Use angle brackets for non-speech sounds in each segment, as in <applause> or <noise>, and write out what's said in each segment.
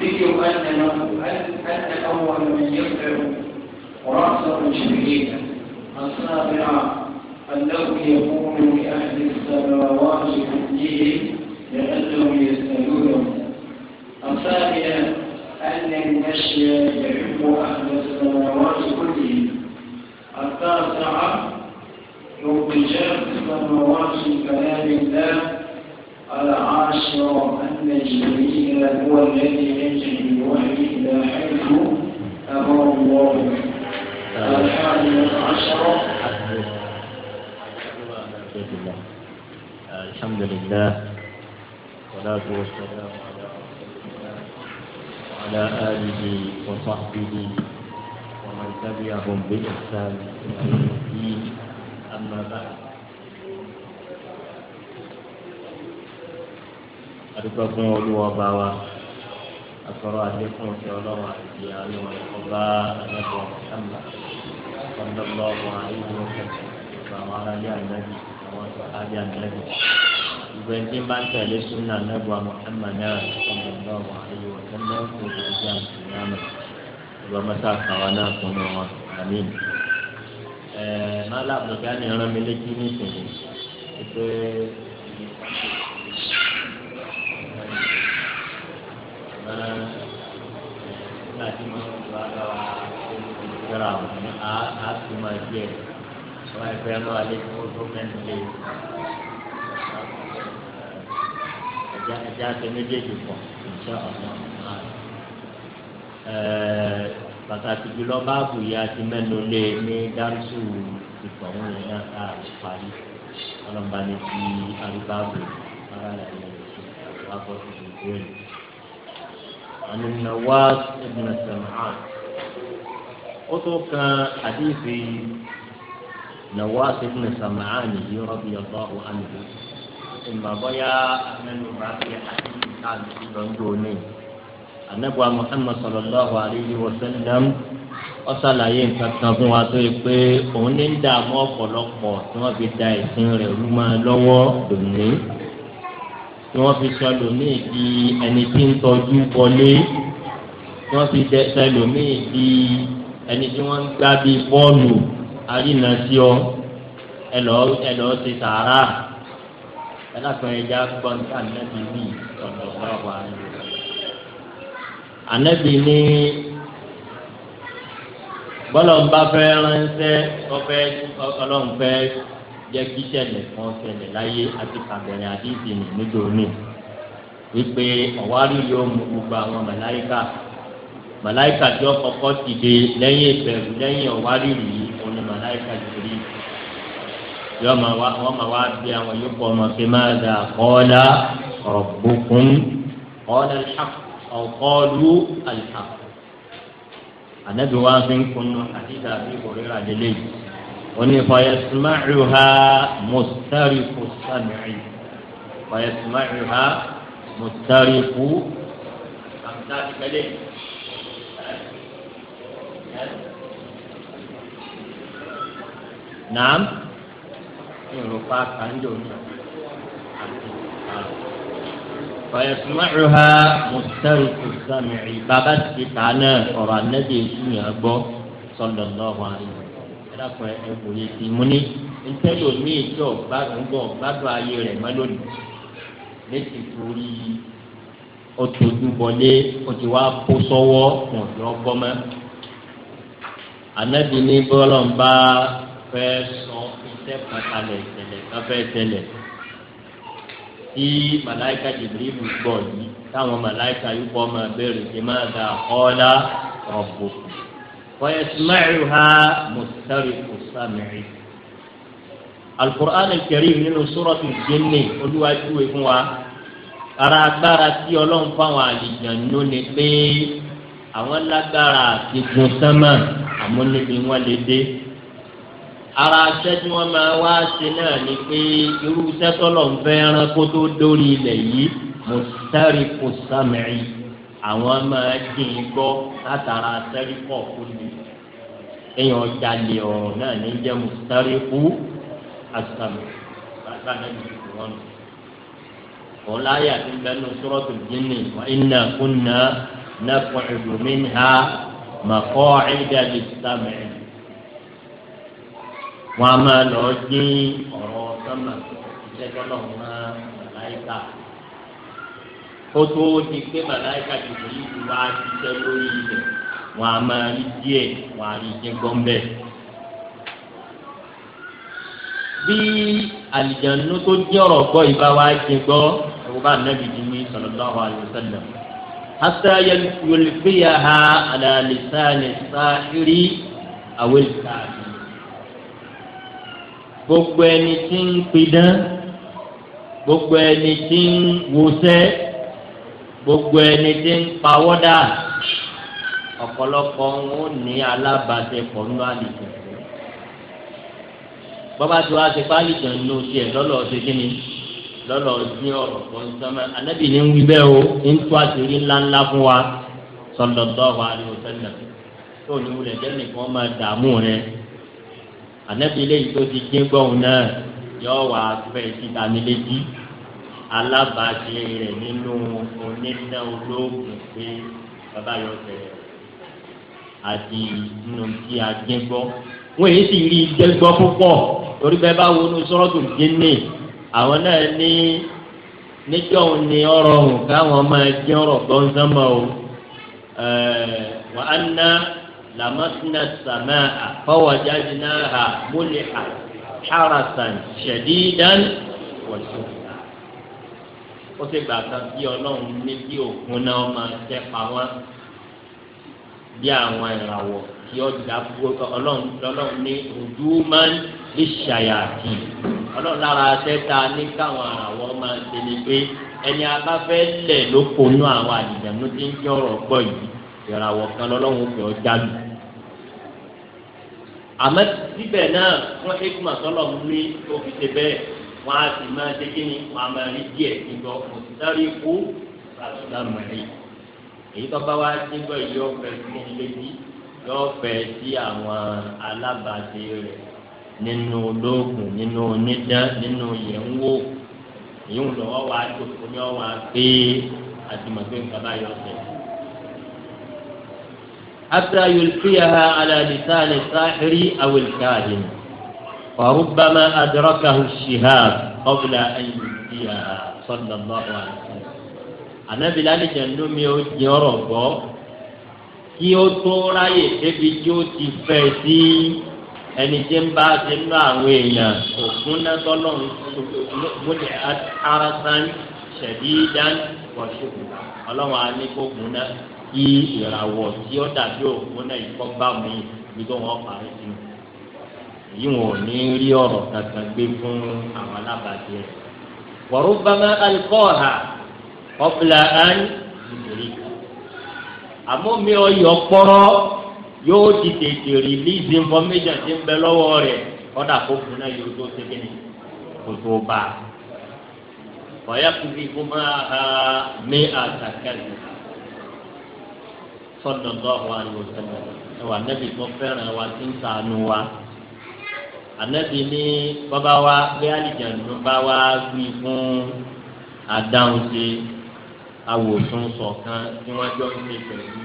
ذكر أن أن أول من يرفع رأسه شهيدا السابعة أنه يقول لأهل السماوات كلهم لأنهم يسألونه الثامنة أن المشي يحب أهل السماوات كلهم التاسعة ارتجاء السماوات كلام الله العاشر أن جبريل هو الذي يجري الوحي إلى حيث أمر الله الحادي عشر الحمد لله والصلاة والسلام على رسول الله وعلى آله وصحبه ومن تبعهم بإحسان إلى يوم الدين أما بعد adúgbò fún olúwa ọba wa asọ̀rọ̀ àdékùn ti ọlọ́run àti àánú ọba àdébọ̀ ọ̀sánlá ọ̀dọ́gbọ̀ ọ̀wọ̀ àìyíwò kẹ̀kẹ́ àwọn aráàlú ànábì àwọn sọ̀hábì ànábì ìgbẹ́ntì máa ń tẹ̀lé súnà ànábọ̀ Muhammad náà ọ̀dọ́gbọ̀ ọ̀wọ̀ àìyíwò kẹ̀kẹ́ kò lè jẹ́ àǹtìyàmẹ̀ ìgbà mẹ́ta àkàwà náà fún mi wọn àmín. ẹ̀ẹ́ má láàbùkẹ́ á ní ìran mi létí nísìnyí ṣùgbọ́n nígbà tí mo ti wá bá wa ìjọra òní á fi máa jẹ àwọn ẹgbẹ́ náà lé kó tó mẹ́rin lé ẹja ẹja ṣe méjèèjì pọ̀ ìṣe ọ̀nà náà pàtàkì jùlọ báàbù yìí àti mẹ́nu lé ní dárúsù ìfọ̀wọ́n yẹn náà ká parí ọlọ́mọba ní ti arúgbáàbù ara rẹ̀ lè ṣe àwọn abọ́ tuntun عن النواس بن سمعان أتوك حديث نواس بن سمعان رضي الله عنه إما بيا من بعد حديث كان في anagba muhammad sallallahu alayhi wa sallam ọsàlàyé nǹkan kan fún wa tó yẹ pé òun ní ń dààmú ọ̀pọ̀lọpọ̀ tí wọ́n fi da ìsìn rẹ̀ rú máa lọ́wọ́ lónìí tí wọ́n fi sọ ẹlòmíì di ẹni tí ń tọ́jú wọlé tí wọ́n fi sọ ẹlòmíì di ẹni tí wọ́n ń gbá bí bọ́ọ̀lù arínàṣíọ́ ẹlọ́ ẹlọ́ ti sàárà ẹlẹ́kùn ẹja gbọ́ǹtà nẹ́bí wì ọ̀dọ̀ ọ̀gbọ́n wa. ànẹ́bí ní bọ́lọ̀ ń bá fẹ́ ránṣẹ́ ọlọ́run fẹ́ jẹ́ kí ṣẹlẹ̀ kan ṣẹlẹ̀ láyé àti kàbẹ̀rẹ̀ àdìsí nì nítorí wípé ọ̀wárí yóò mú gbogbo àwọn màláìkà màláìkà jọ kọ́kọ́ ti dé lẹ́yìn ìbẹ̀rù lẹ́yìn ọ̀wárí yìí òun ni màláìkà jìbìrì yóò máa wá wọ́n máa wá bí àwọn yòókù ọmọ pé máa dà kọ́ọ́lá rabbukum kọ́ọ́lá alhaq ọ̀kọ́ọ́lù alhaq ànábì fi ń kunu àti dàbí òrìrà lélẹ́yìí oni fayasmacuha mustariku samci fayasmacuha mustariku amsaati kale naam yorùbá kanjo fayasmacuha mustariku samci baba ti kaana ọ̀rọ̀ anabi esu yẹn gbọ́ ẹlẹ́kùn ẹ̀kọ́ yìí ti mú ní ntẹ́lò ní ìjọ gbàgbọ́ gbàgbọ́ ayé rẹ̀ mọ́ lónìí létí torí ọtọ̀dúbọlé ọtí wa kó sọ́wọ́ ọ̀dọ́ gbọ́mọ́ anabi ní bọ́lọ̀mbà fẹ́ sọ iṣẹ́ pàtàkì ìṣẹ̀lẹ̀ káfẹ́ ìṣẹ̀lẹ̀ tí màláìka jìbìrìbù gbọ̀ yìí táwọn màláìka yìí bọ́ máa bẹ̀rẹ̀ ṣe máa da ọ́ la ويسمعها مسترق السمع القرآن الكريم من سورة الجن قلوا أجوه ara agbára tí ọlọ́run fáwọn àlìjànú ni pé àwọn lágbára àti gun sánmà àmọ́ níbi wọn lè dé ara aṣẹ́ tí wọ́n máa wá ṣe náà ni pé irú iṣẹ́ tọ́lọ̀ ń fẹ́ ẹran kó tó dórí ilẹ̀ yìí mustariqu sam'i àwọn máa dín in gbọ́ látara sẹ́ríkọ̀ kúlù èèyàn jalè ọ̀rọ̀ náà ní jẹ́ mùsítárìkù àtàmì bàbá náà ní ìlú wọn. òun láyé àti bẹ́ẹ̀nu sọ́rọ́tù jìnnì wà iná kúnná nàkọ́ ìdùnnú ha màkọ́ ìdàlẹ̀ sàmì. wọ́n á máa lọ dín ọ̀rọ̀ sọ́mà ìṣẹ́jọ́ náà máa láyé káà kótó di pé màláìka dìbò yìí ti wá ṣiṣẹ́ lórí ilẹ̀ wọn a máa rí díẹ̀ wọn a rí jẹ́ gbọ́nbẹ́. bí àlìjánu tó jẹ́ ọ̀rọ̀ gbọ́ ìbá wa jẹ gbọ́ ẹ̀wọ́n bá nàbì jù mí sallallahu alaihi wasallam. hasa yulqiyaha ala lisani sahiri awil kafir. gbogbo ẹni tí ń pidán gbogbo ẹni tí ń wọṣẹ́ gbogbo ẹni tí ń pawọ́ dà ọ̀pọ̀lọpọ̀ wọn ò ní alábàáṣepọ̀ nínú àlìjọ bọ́bá tí wàá ṣe pálíjọ nínú tiẹ̀ lọ́lọ́ ṣe kí ni lọ́lọ́ ní ọ̀rọ̀ kan sọ́mọ́ anábì ní ń wí bẹ́ẹ̀ o ń tó àṣírí ńláńlá fún wa sallallahu alaihi wasallam tó ní wulẹ̀ jẹ́nì kan máa dààmú rẹ anábì lẹ́yìn tó ti dé gbọ́hùn náà yọ wà pẹ́ síta mi létí alábàáṣe rẹ̀ nínú onídá olóògùn pé bàbá yọ bẹ̀rẹ̀ àti nínú tí a jẹ́ gbọ́. wọ́n èyí sì rí jẹ́ gbọ́ púpọ̀ torí bẹ́ẹ̀ bá wọnú sọ́rọ́dù jẹ́nì àwọn náà ní níjọ́ ni ọ̀rọ̀ ọ̀hún káwọn máa jẹ́ ọ̀rọ̀ gbọ́n o wàá ná lamasina samaa fawajadinaha muliha harasan shadidan wasu ó sì gbàgbọ́ bí ọlọ́run ní bí òkun náà máa tẹ́ pa wọ́n bí àwọn ìràwọ̀ tí ó dá ọlọ́run ní ojú máa ń lè ṣàyàtì ọlọ́run lára tẹ́ta ní káwọn ìràwọ̀ máa ṣe ni pé ẹni abáfẹ́ lẹ̀ ló konú àwọn àdìgbàmú tí ń jẹ́ ọ̀rọ̀ gbọ́ yìí ìràwọ̀ kan lọ́lọ́run fẹ́ ọ jáde àmọ́ síbẹ̀ náà wọ́n ṣe kí màtọ́lọ́ mi tó fi ṣe wọn á sì máa ṣe kíni wọn á máa rí díẹ̀ nígbà mo ti sáré kú àtúntà mẹ́rin èyí tó bá wá nígbà yìí yóò fẹ́ sí létí yóò fẹ́ sí àwọn alábàáṣe rẹ̀ nínú olóògùn nínú onídán nínú yẹ̀wò èyí ń lọ́wọ́ wá jòkó ní ọ̀wá pé àtìmọ̀gbé nǹkan bá yọ ọ̀sẹ̀. حتى يلقيها على لسان الساحر أو الكاهن فربما أدركه الشهاب قبل أن يبديها صلى الله عليه وسلم أنا lálejò mi ò jẹ ọ̀rọ̀ gbọ́ kí ó tó ráyè débi tí ó ti fẹ́ sí ẹni tí ń bá ti nú àwọn èèyàn òkúnná tọlọ́run múlẹ arasan ṣẹdídán wọṣọkù Ọlọ́run á ní kó kúnná kí ìràwọ̀ tí ó dàbí òkúnná ìfọgbàmù yìí bí tó wọn parí èyí wọn ò ní rí ọ̀rọ̀ kankan gbé fún àwọn alábàájẹ́ rẹ̀. wàrúbámá alikọ́ọ̀hà ọ̀bùlà án ìdèrí àmómi ọyọ̀ pọ́rọ́ yóò ti tètè release information ti ń bẹ lọ́wọ́ rẹ̀ kọ́dà kó fún náà yóò tó ṣẹ́gi ni kó bá a. ọ̀yà kùsì kó máa ha mí àtàkẹ́lì sọ́dọ̀ lọ́wọ́ àlùfẹ́ ẹ̀wà nẹ́bí tó fẹ́ràn wa ti ń sànù wa anabi ní bàbá wa bí alìjẹnu bá wa wí fún adáhunṣe awòsùn sọ̀kan tí wọ́n jọ ń pè pẹ̀lú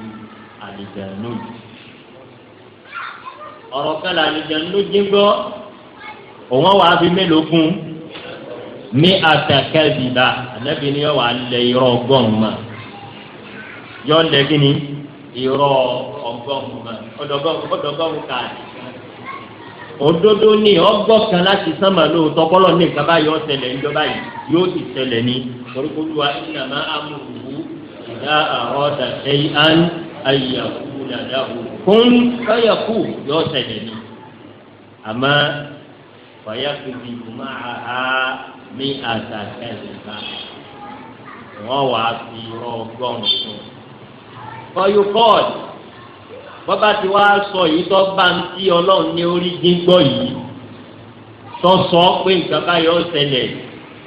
alìjẹnu yìí ọ̀rọ̀ kan là alìjẹnu jí gbọ́ òun wàá fi mélòó kún ní atakẹ́bìbà anabi ní yọ wà lẹ irọ́ ọgọ́rùn-ún ma yọ lẹ kí ni irọ́ ọgọ́rùn-ún ma ọdọgọ́rùn-ún káàdì òdodo ni ọgbọ́kàn láti sánmà lóòótọ́ bọ́lọ̀ ní nǹkan báyìí ọ̀sẹ̀lẹ̀ níjọba yìí yóò sì ṣẹlẹ̀ ní orúkọlùwà ìlànà amòhùhù ìdá àrọ́dà ẹ̀yí án ayàkú làdáhù fún káyàkú yóò ṣẹlẹ̀ ní. àmọ́ fàyàkùnrin kùmà àhá mi àtàkẹ́lẹ̀ bá wọ́n wàá fi rọ́ọ̀gbọ́n fún. kọ́yù kọ́ọ̀dù bọ́bá ti wá sọ yìí tó bá ń tí ọlọ́run ní orí gbígbọ́ yìí tó sọ pé nǹkan bá yọ ọ̀sẹ̀lẹ̀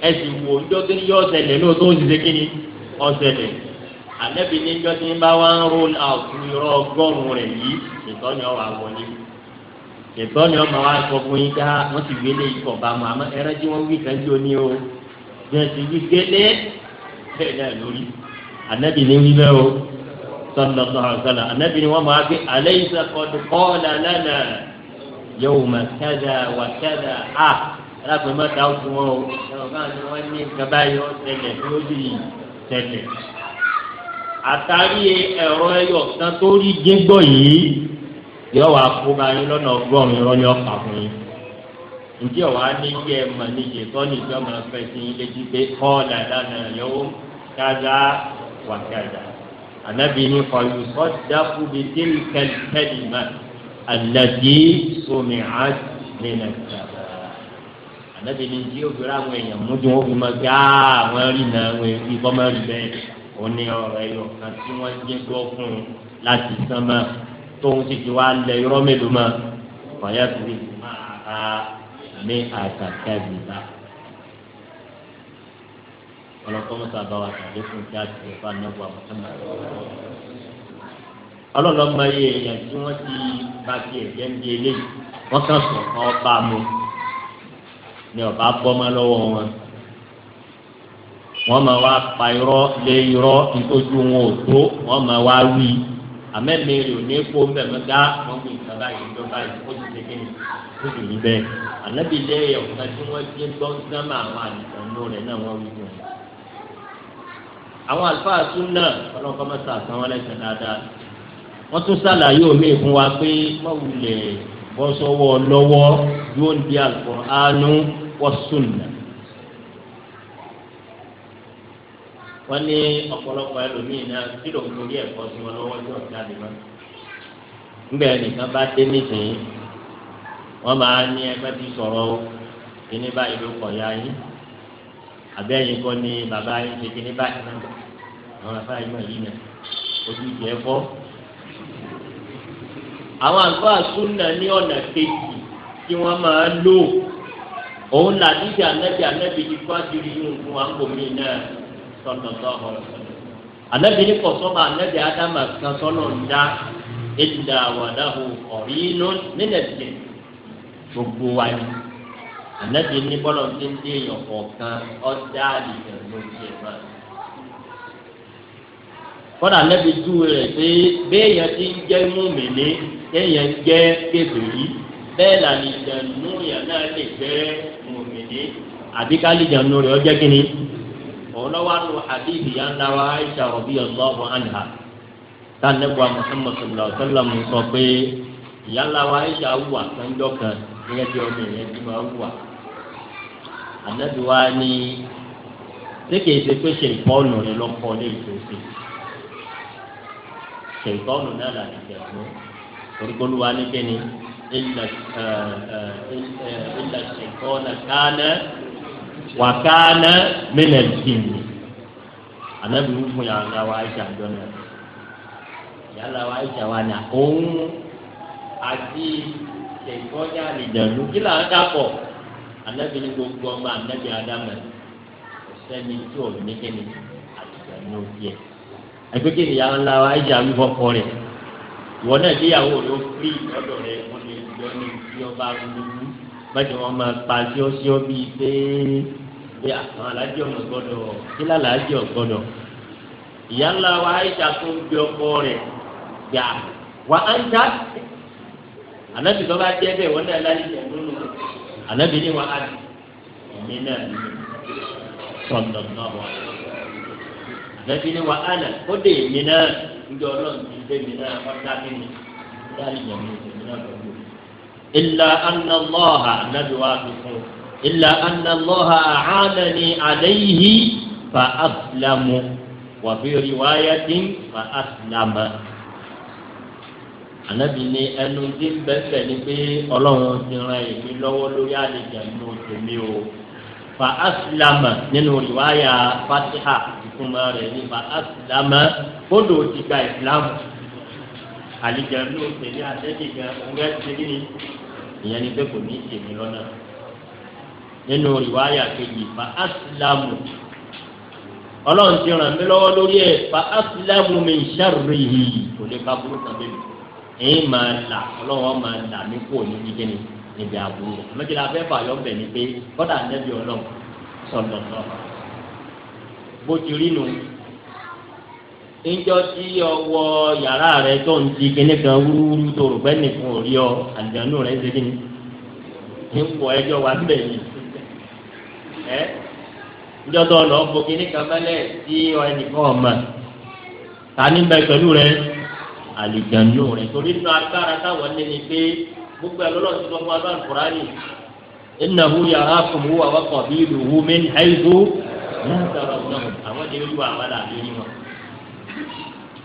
ẹ sì wò ó jọ́kí yọ ọ̀sẹ̀lẹ̀ ní oṣù òṣìṣẹ́ kí ni ọ̀sẹ̀lẹ̀ àlẹ́bí ní jọ́kí bá wá ń roll out irọ́ ọgọ́rùn-ún rẹ̀ yìí ìtọ́ni ọ̀rọ̀ àwọn ni ìtọ́ni ọmọ wa sọ fún yín ká ah, wọ́n ti gbélé ikọ̀ bá mu àmọ́ ẹran tí wọ́n wí kan tí ní o jẹ́ ti wí gbélé bẹ́ẹ̀ náà lórí àlẹ́bí ní wí bẹ́ẹ̀ o sọlọ sọlọ sọlọ anabi ni wọn máa fi alaysa qad qala lana yawma kada wa kada a alákùnrin máa ta fún wọn o ọgá ni wọn ní gaba yọ tẹ́lẹ̀ lórí tẹ́lẹ̀ àtàrí ẹ̀rọ ẹyọ kan tó rí dégbò yìí yọ wà kó ba yín lọ́nà ọgọ́rùn-ún irọ́ ni ọ̀pá fún yín nti ọ ní kí ẹ mọ ní yìí tọ́ ní ìjọ fẹ́ sí ilé jí pé kọ́ ọ̀dà dáná yòówó wà kájà anabi ni fayusọ daku bi tili kẹlikẹli ma aladi somi ati nina jaba anabi ni di obìnrin àwọn èèyàn mújú wọn fi máa àwọn rí na àwọn èèyàn kọ́ máa rí bẹ́ẹ̀ ó ní ọ̀rọ̀ ẹ̀yọ̀ láti sán tóun ti fi wá lẹ irọ́ mélòó mọ́ fàyà tó fi máa ra ní àtàkà ìgbà ọlọ́kọ́mọ́sá bá wa sàlékún kí a ti fẹ́ fún anáwó àmọ́tẹ́mọ́. ọlọ́lọ́mọ yẹ èèyàn tí wọ́n ti bá ti ẹ̀jẹ̀ ń di eléyìí wọ́n kàn sọ̀ kọ́ bá mu ni ọba bọ́mọ lọ́wọ́ wọn. wọ́n máa wá pa irọ́ lé irọ́ nítòjú wọn ò tó wọ́n máa wá wí àmẹ́mi rè ní kó mẹ́mẹ́ dá wọ́n gbé nǹkan báyìí ló báyìí ó ti ṣe kíni ó sì rí bẹ́ẹ̀ ànábìlẹ̀ ọ̀kan tí wọ́n ti gbọ́ sẹ́mà àwọn àdìsàn náà rẹ̀ náà wọ́n wí fún un. àwọn àlùfáà súnà ọlọ́kọ́ mẹ́ta àtàn wọn lẹ́sẹ̀ dáadáa wọ́n tún ṣàlàyé omi fún wa pé mọ̀wulẹ̀ bọ́sọ́wọ́ lọ́wọ́ yóò ń di wọn ní ẹgbẹ́ sọ̀rọ̀ kí ní báyìí abẹ́yìn kọ́ ni bàbá yín ṣe kíní báyìí náà àwọn bàbá yín náà yí náà ojú ìjẹ́ ẹ̀fọ́. àwọn àgbà súnà ní ọ̀nà kejì tí wọ́n máa lò òun là níbi ànábì ànábì ní fásitì yóò fún wa ń bomi náà sọ̀tọ̀tọ̀ ọ̀rọ̀ ànábì ní kọ̀sọ́mà ànábì ádámà kan sọ́nà ń dá ètùdà àwàdà ọ̀rí inú nílẹ̀ tẹ̀ gbogbo wa ànábi ní bọ́lọ̀ tí ń dé èèyàn kọ̀ọ̀kan ọjà àdìgbà ló ń ṣe máa. kọ́dà ànábi júwe rẹ̀ pé béèyàn ti ń jẹ́ múmìnì kéèyàn ń jẹ́ kébìrì bẹ́ẹ̀ làlìjà nù yàn náà lè jẹ́ múmìnì àbí kálíjà nù rẹ̀ ọjọ́ kínní. òun lọ́wọ́ àlọ́ àdìgbì yà Aisha rọ̀bí ọ̀sọ́ọ̀bù àná tánẹ́gbà Muhammad sallallahu alayhi wa sallam sọ pé ìyá ńlá wa Aisha wù àkànjọ́ kan gẹ́gẹ́ bí ọmọ ìyẹn ti máa wù àkànjọ́ ànábi wa ní sékèé ṣe pé ṣe ìpọ́nù rẹ lọ́kọ́ ní ìfòsí ṣe ìpọ́nù náà láti tẹ̀sán orúkọlù wa ní kíni ilà ṣèkọ́nà kánà wà kánà mílẹ̀ jìnnì ànábi wù fún yàrá wa Aisha jọ́nà yàrá wa Aisha wa ní àkóhùn àti ṣèkọ́nà àlìjẹ̀lú kí là ń dàpọ̀ anabi ní gbogbo ọmọ anabi adama sẹni tí o ní kíni àtìgbà ní o díẹ̀ àgbégbé ni yàrá ńlá wa ayíjà ń bọ kọ rẹ ìwọ náà níyàwó ló fi ọ̀dọ̀ rẹ̀ wọn lè yọ ní tí ọba lulú bájú wọn máa pa síọ́síọ́ bíi pé pé àwọn alájọ ọmọ gbọ́dọ̀ kí lálàájọ gbọ́dọ̀ ìyá ńlá wa ayíjà tó ń gbé ọkọ rẹ̀ gbà wà á ń ta ànábì tó bá jẹ bẹ́ẹ̀ wọn náà láyé jẹ ní ànábì ní wa ádì èmi náà ní sọ̀dọ̀ náà wà ànábì ní wa ánà ó dé èmi náà ìjọ ọlọ́run ti dé èmi náà wọ́n dá mí ní dáàbì yẹn mi èmi náà pẹ̀lú. ilà anna lọ́ha wa fi fún ilà anna lọ́ha àánà ni àléyìí fa asilamu wàfi riwaayatin fa asilama ànábì ní ẹnu tí ń bẹ́sẹ̀ ni pé ọlọ́run ti ran èmi lọ́wọ́ lórí àlejò ẹnu tèmi o fa asilama nínú riwaya fatiha ìfúnmọ́ rẹ̀ ní fa asilama kódò ti gba ìsìlámù àlejò ẹnu tèmi àtẹ́jì gan ọ̀gá ti rí ni ìyẹn ni pé kò ní tèmi lọ́nà nínú riwaya kejì fa asilamu ọlọ́run ti ràn mí lọ́wọ́ lórí ẹ̀ fa asilamu mi ń ṣàrìhì kò lè ka burúkú abẹ́mi èyí máa là ọlọ́run máa là mí kú òní jíjẹ́ ni níbi àbúrò àmọ́jọ́ la fẹ́ fàyọ́ bẹ̀ ni pé kọ́dà nẹ́bí ọlọ́run sọ̀tọ̀ sọ bó ti tí ọwọ́ yàrá rẹ tó ń ti kíní kan wúrúwúrú tó rò pẹ́ nìkan ò rí ọ àdánù rẹ ṣe kíni ní pọ̀ ẹjọ́ wa ń bẹ̀ yìí ẹ níjọ́ tó lọ́ọ́ bo kíní kan mẹ́lẹ̀ tí ẹnìkan ọ̀mà ta ní bẹ pẹ̀lú rẹ àlìjánu rẹ̀ torí nínú agbára táwọn ní ni pé gbogbo ẹlọ́lọ́ ti lọ́mọ abá nkùránì innahu ya'akum huwa wa qabiluhu min haythu látara ọ̀nà àwọn ti rí wà wà láàbí rí wọn.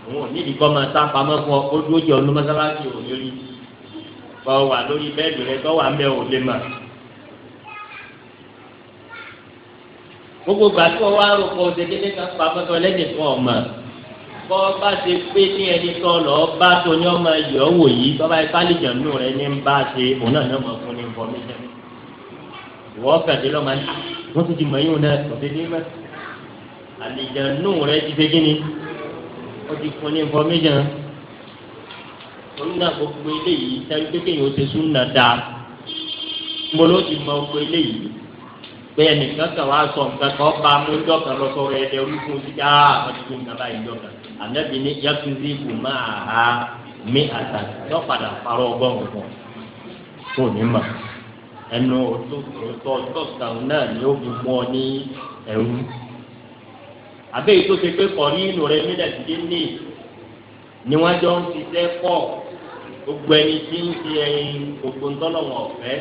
òun ò ní ìdíkọ́ máa sá pamọ́ fún ọ ojú ó jẹ ọdún mọ́sálásí ò ní rí kọ́ wà lórí bẹ́ẹ̀dì rẹ kọ́ wà ń bẹ́ ò lè mà. gbogbo gbàtí wọn wá rò kékeré kan pamọ́ fún ọ̀ bọ́ bá ṣe pé ní ẹni tọ́ lọ bá tó ní ọmọ ẹ̀yọ́ wò yìí bọ́ bá nù rẹ ní bá ṣe òun náà ní ọmọ fún ní information ìwọ fẹ̀dé lọ́mọ ní wọ́n ti di mọ̀yìn òun náà kò dé ní mẹ́ àlìjẹ̀nù rẹ ti ṣe kí ó ti fún ní information òun náà gbogbo eléyìí sẹ́yìn pé kéèyàn ó ṣe súnà dáa mo ló ti mọ gbogbo eléyìí pé ẹnìkan kan wàá sọ nǹkan kan bá mú ìjọ lọ sọ ẹdẹ orí fún ti dáa wọ́n ti fún ìjọba ìjọ ànábì ní yakuzi kù máa ha mí àtà yọ padà parọ́ ọgọ́rùn kan tó ní mà ẹnu òtò tọ̀sán náà ni ó fi mú ọ ní ẹ̀rú àbẹ́yìí tó ṣe pé kọ̀rí ìlú rẹ nílẹ̀ ti dé ní ni wọ́n jọ ń ṣiṣẹ́ pọ̀ gbogbo ẹni tí ń ṣe ẹyin gbogbo ńtọ́lọ́wọ̀n ọ̀fẹ́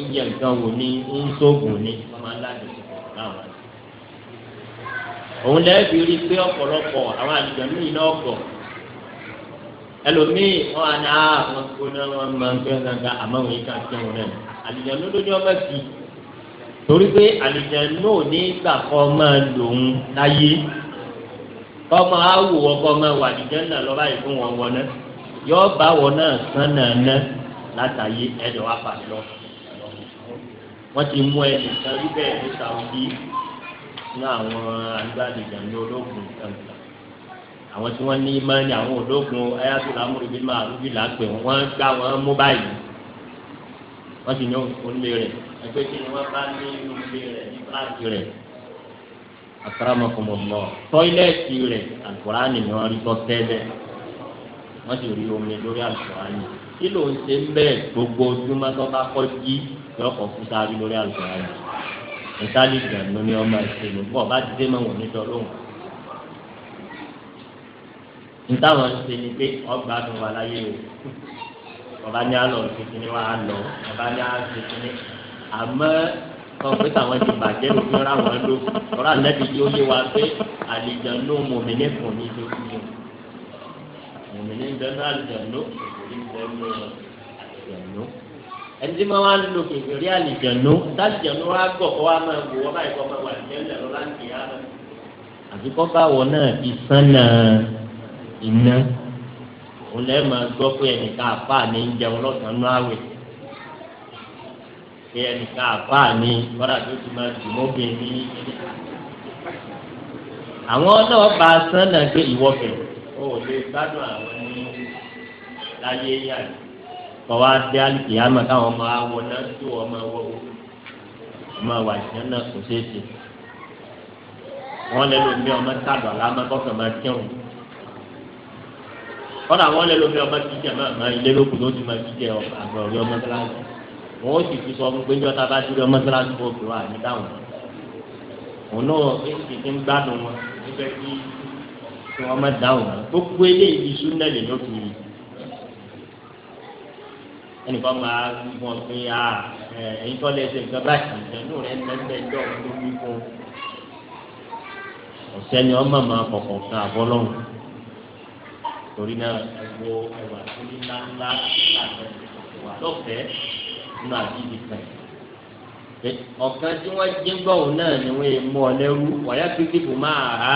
ń jẹ nǹkan wò ní ń ṣoògùn ní wọ́n máa ń láàbì láwọn òun lẹ́ẹ̀bi rí pé ọ̀pọ̀lọpọ̀ àwọn àlùjọ́nù yìí náà gọ̀ ẹlòmíì wọn àná àwọn ah, gbóná wọn máa ń gbé nàgà àmọ́ òun yìí ká sí òun náà àlùjọ́nù lójú ọmọ sí torí pé àlùjọ́nù ò ní gbà kọ́ máa lòun láyé kọ́ máa wò wọ́n kọ́ máa wà àlùjọ́nù náà lọ́ba yìí fún wọn wọn náà bá wọn náà sán náà ná látàyé ẹ̀dọ̀ wá pàdé lọ wọ́n ti mú ẹ̀ nìkan rí bẹ́ẹ̀ ní sàwùjí ní àwọn agbádìjàn ní ológun kankan um, àwọn tí wọ́n ní ìmọ̀ni àwọn ológun ayatollah lámúrú bíi máa rúbí là ń pè wọ́n wọ́n gbá wọn mú báyìí wọ́n sì ní onílé rẹ̀ ẹgbẹ́ tí wọ́n bá ní onílé rẹ̀ ní báàgì rẹ̀ akaramakomọmọ tọ́ílẹ̀tì rẹ̀ alukurani ni wọ́n rí tọ́ tẹ́lẹ̀ wọ́n sì rí omi lórí alukurani kí ló ń ṣe ń bẹ́ẹ̀ gbogbo ojúmọ́ tó bá kọ́ jí lọ́kọ̀ọ́ fúta rí lórí alukurani ìtàlí ìgbàlú ni ọmọ ìṣèlú bọ̀ bá ti dé máa wọ̀ níjọ lóhùn. nítawọn ń ṣe ni pé ọgbà tó wà láyé o ọba ní alọ tuntun wa lọ ọba ní alọ tuntun àmọ́ ọ̀pẹ́ táwọn ti bàjẹ́ òfin ra wọn lò ọ̀rọ̀ àlẹ́bí yóò yé wa pé àlejò ló mòmìnir fún mi ló fún mi mòmìnir ní àlejò ló mòmìnir bẹ́ẹ̀ ní àlejò ló ẹni tí wọn wá ń lo kèké rí àlìjẹnú tàlìjẹnú wa gbọ kó wa máa wò wọn báyìí kó máa wà lẹ́yìn lọ láǹkì yá lọ. àti kó bá wọ náà ìsánná iná òun lẹ́ẹ̀ máa gbọ́ pé ẹnìkan àfa ní ń jẹun lọ́sàn-án àwẹ̀ pé ẹnìkan àfa ní kọ́dà tó ti máa dùn mọ́bìn ní. àwọn náà bá sánná pé ìwọ́fẹ̀ ó lè gbádùn àwọn ní láyé yàrá kọ́wá dé alìkìyàmà káwọn ọmọ awọ náà tí wọ́n máa wọ ọmọ wà jẹ́ náà kò ṣeé ṣe wọ́n lé lómi ọmọ tábà lámà kọ́kàn máa kẹ́wọ̀n kọ́dà wọ́n lé lómi ọmọ jíjẹ máa máa ilé lókun ló ti máa jíjẹ àgbọ̀rí ọmọ kíláàsì wọ́n sì fi sọ fún pé ní ọ̀tá bá jíjẹ ọmọ kíláàsì kó fi wà ní dáhùn òun náà èsì ti ń gbádùn wọn níbẹ̀ kí wọ́n má dáhùn ẹnìkan máa mọ pé ẹ̀yin tó lẹ́sẹ̀ nǹkan báyìí ìdánù rẹ̀ lẹ́gbẹ̀ẹ́ dọ̀ tó wí fún un. ọ̀sẹ̀ ni ọmọ máa kọ̀kọ̀ kan àbọ́lọ́hùn torí náà ẹ̀wọ̀ ẹ̀wà tó ní ńláńlá wà lọ́fẹ̀ẹ́ nínú àdìdì kan. ọ̀kan tí wọ́n jẹ́ gbọ́wọ́ náà ni wọ́n mú ọ lẹ́rú wàyà tó dìbò máa há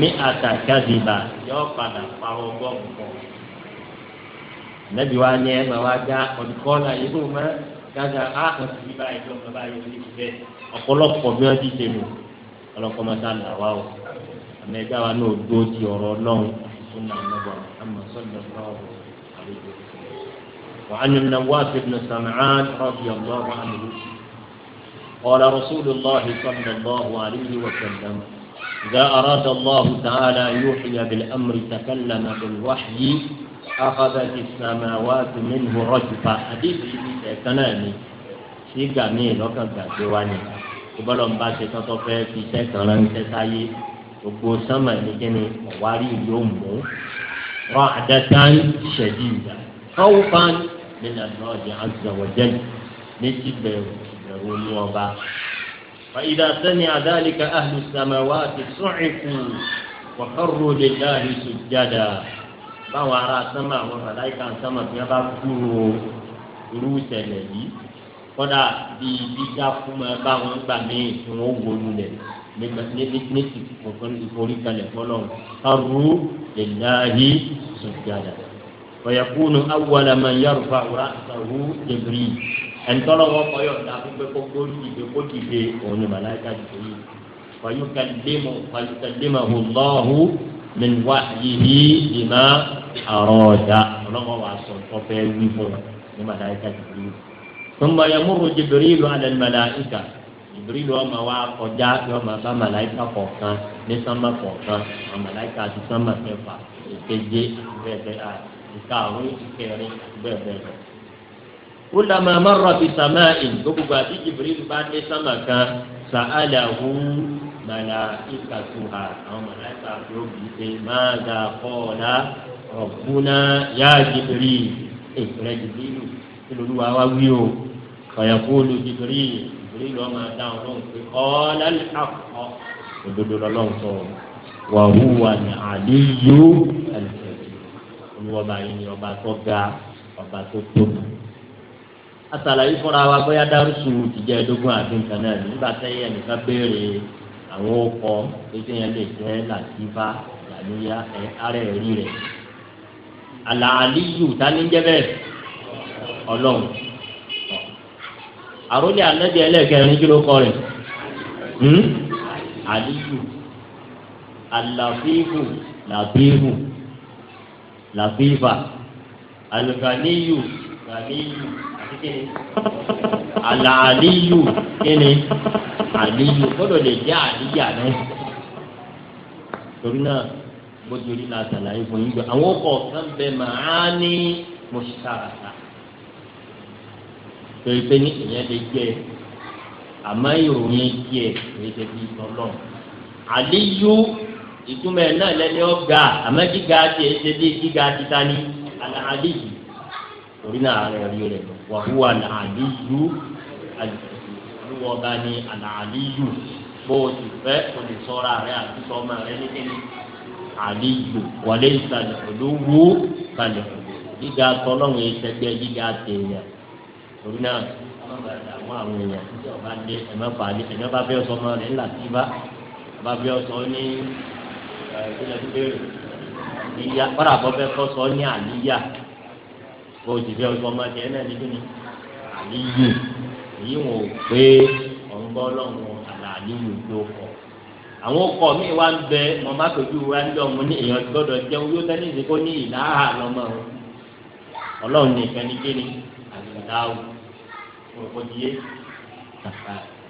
ní àtàkàdìbà yọ padà pa ọgọ́rùn-ún nẹ́bí wa ní ẹ̀ máa wá dá ọ̀dùkọ́ náà yìí ló máa dáadáa á kàn sí bíbá ìjọ bàbá yóò ní ìfẹ́ ọ̀pọ̀lọpọ̀ bí wọ́n ti ṣe nù ọlọ́kọ́ máa sá là wá o àmì ẹ̀dá wa náà dó ti ọ̀rọ̀ náà fún náà nọ́bọ̀ àmọ́ sọ́dọ̀ náà àlejò. وعن النواس بن سمعان رضي الله عنه قال رسول الله صلى الله عليه وسلم إذا أراد الله تعالى يوحي بالأمر تكلم بالوحي أخذت السماوات منه رجفا حديث كنا ني sígà míì lọ́kàn gbàgbé wa ni ìbọ́lọ̀ ń bá ṣe tọ́tọ́ fẹ́ fi iṣẹ́ kan ránṣẹ́ sáyé gbogbo sánmà ní kíni ọ̀wárí yóò mú wọn àdàtàn ṣẹ̀dí ìgbà káwọ́ fan nínú àdúrà ọ̀jẹ̀ àzọ̀wọ̀jẹ̀ ní ti bẹ̀rù bẹ̀rù ní ọba. فإذا سمع ذلك أهل السماوات صعقوا وخروا لله سجدا báwọn ará sánmà àwọn màláìka sánmà tí wọn bá gbúrò irú ìṣẹ̀lẹ̀ yìí kódà bíi bíjà fún ma bá wọn gbà mí tí wọn wò lulẹ̀ nígbà ní ti ìforí kalẹ̀ fọlọ arú lèláhi sọjáda fọyàkúnù awọlẹ mà yàrá fàwùrà sàwù jẹbìrì ẹnitọ́lọ wọn kọyọ dàbí pé kókó ìdè kó dìde òun ni màláìka jìbìrì fọyúkà lémà fọyúkà lémà hùlọ́hù min wahyihi bima arada ọlọ́mọ wa sọ tọ́fẹ́ wí fún ní màláìka jìbìrì thumma yamurru jìbìrì lu ala màláìka jìbìrì lu ọmọ wa kọjá yọ ma bá màláìka kọ̀ọ̀kan ní sánmà kọ̀ọ̀kan àwọn màláìka ti sánmà kẹfà ìkeje bẹ́ẹ̀ bẹ́ẹ̀ ìkarùn ìkẹrin bẹ́ẹ̀ lọ kulama marra bi sama'in gbogbo àti jìbìrì bá dé sánmà kan sa'alahu màlà ìkàtúhà àwọn màláìka tó bí pé máa dà kọ́ ọ̀la ọ̀kúnná yáa jìbìrì ìfúrẹ́ jìbìrì ìlúluwà wá wí o fàyàkúlù jìbìrì jìbìrì lọ́ọ́ máa dá wọn lóhùn pé ọ̀ọ́lá lè àkọ́ òdodo lọ́lọ́run sọ wà húwa ní àdéyó ẹ̀lẹ́fẹ̀ẹ́ olùwọ́ba yìí ni ọba tó ga ọba tó tóbi àtàlàyé fúnra wa bóyá dárúsù àwọn ọkọ pété yẹn lè jẹ́ làtífà làníyá ẹ ara ẹ̀rí rẹ̀ àlàálíyù tani jẹ́ bẹ́ẹ̀ ọlọ́run àròlé ànábì ẹlẹ́kẹrin kí ló kọ rẹ̀ àlíyù àlàfíìfù làbíìfù làbíìfà àlùkàníyù làníyù àlà àlíyù kíni àlíyù gbọ́dọ̀ lè jẹ́ àlíyà náà torí náà bójú orí la ṣàlàyé fún yín gbé àwọn ọkọ̀ kan bẹ màá ní mọ̀ṣíkàràtà torí pé ní ìyẹn lè jẹ́ àmọ́ ìròyìn díẹ̀ èyí tẹ̀ bí tọ́lọ̀ àlíyù ìtumọ̀ ẹ̀ náà lẹ́ni ọ̀gá àmọ́ gíga tiẹ̀ ṣe bí gíga titani àlà àlíyù torí náà rẹ̀ rí rẹ̀ wà húwa làálíyù àlùwọ̀ bá ní àlàálíyù bó o sì fẹ́ o lè sọ́ra rẹ̀ àti sọ́mọ rẹ̀ ní kíni àlíyù wọlé ìsàlẹ̀ olówó kalẹ̀ gíga tọ́lọ́hún ẹ̀ṣẹ̀gbẹ́ gíga tèèyàn torí náà àwọn àwọn èèyàn tí ọba dé ẹ̀mẹ́fà dé ẹ̀mẹ́fà bí ọ̀sọ́ ọmọ rẹ̀ ńlá tí bá ọba bí ọ̀sọ́ ní ìpínlẹ̀ tó bẹ̀rẹ̀ ìyá kọ́ra àbọ̀fẹ́ kọ́ sọ ní àlíyà òjìbí ọgbọ́n máa jẹ náà níbí ni àlíyù èyí wọn ò pé ọ̀nbọ́ ọlọ́run àlàyéwò ló kọ̀ àwọn ọkọ mi wá ń bẹ mọ má tójú wa ń dọ̀mú ní èèyàn gbọ́dọ̀ jẹun yóò tẹ́lẹ̀ ìdíkó ní ìlàhà lọ́mọ o ọlọ́run nìkan ní kéde àgbàdáwò òkòdìyé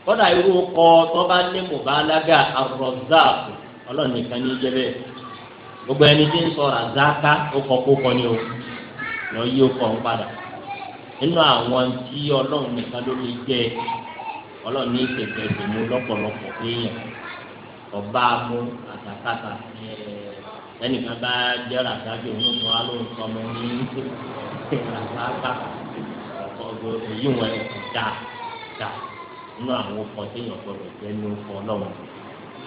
kọ́dà irú ọkọ tó bá ní mùbálágà àrọ̀záàkù ọlọ́run nìkan ní jẹ́ bẹ́ẹ̀ gbogbo ẹni tí ń sọ ràzáká ó kọ kó kọ ni o lọ yí ó kọ̀ ń padà nínú àwọn tí ọlọ́run nìkan ló lè jẹ ọlọ́run ní ìpèsè ìdùnnú lọ́pọ̀lọpọ̀ èèyàn ọba mú àtàkàtà ẹnìkan bá jẹ́ ràdájọ́ òun tó wá lóhùn sọmọ ní ràdájọ́ ọ̀gbọ̀n èyí wọn dà dà nínú àwọn ọkọ̀ téèyàn gbọdọ̀ jẹ́ ní ọkọ̀ ọlọ́run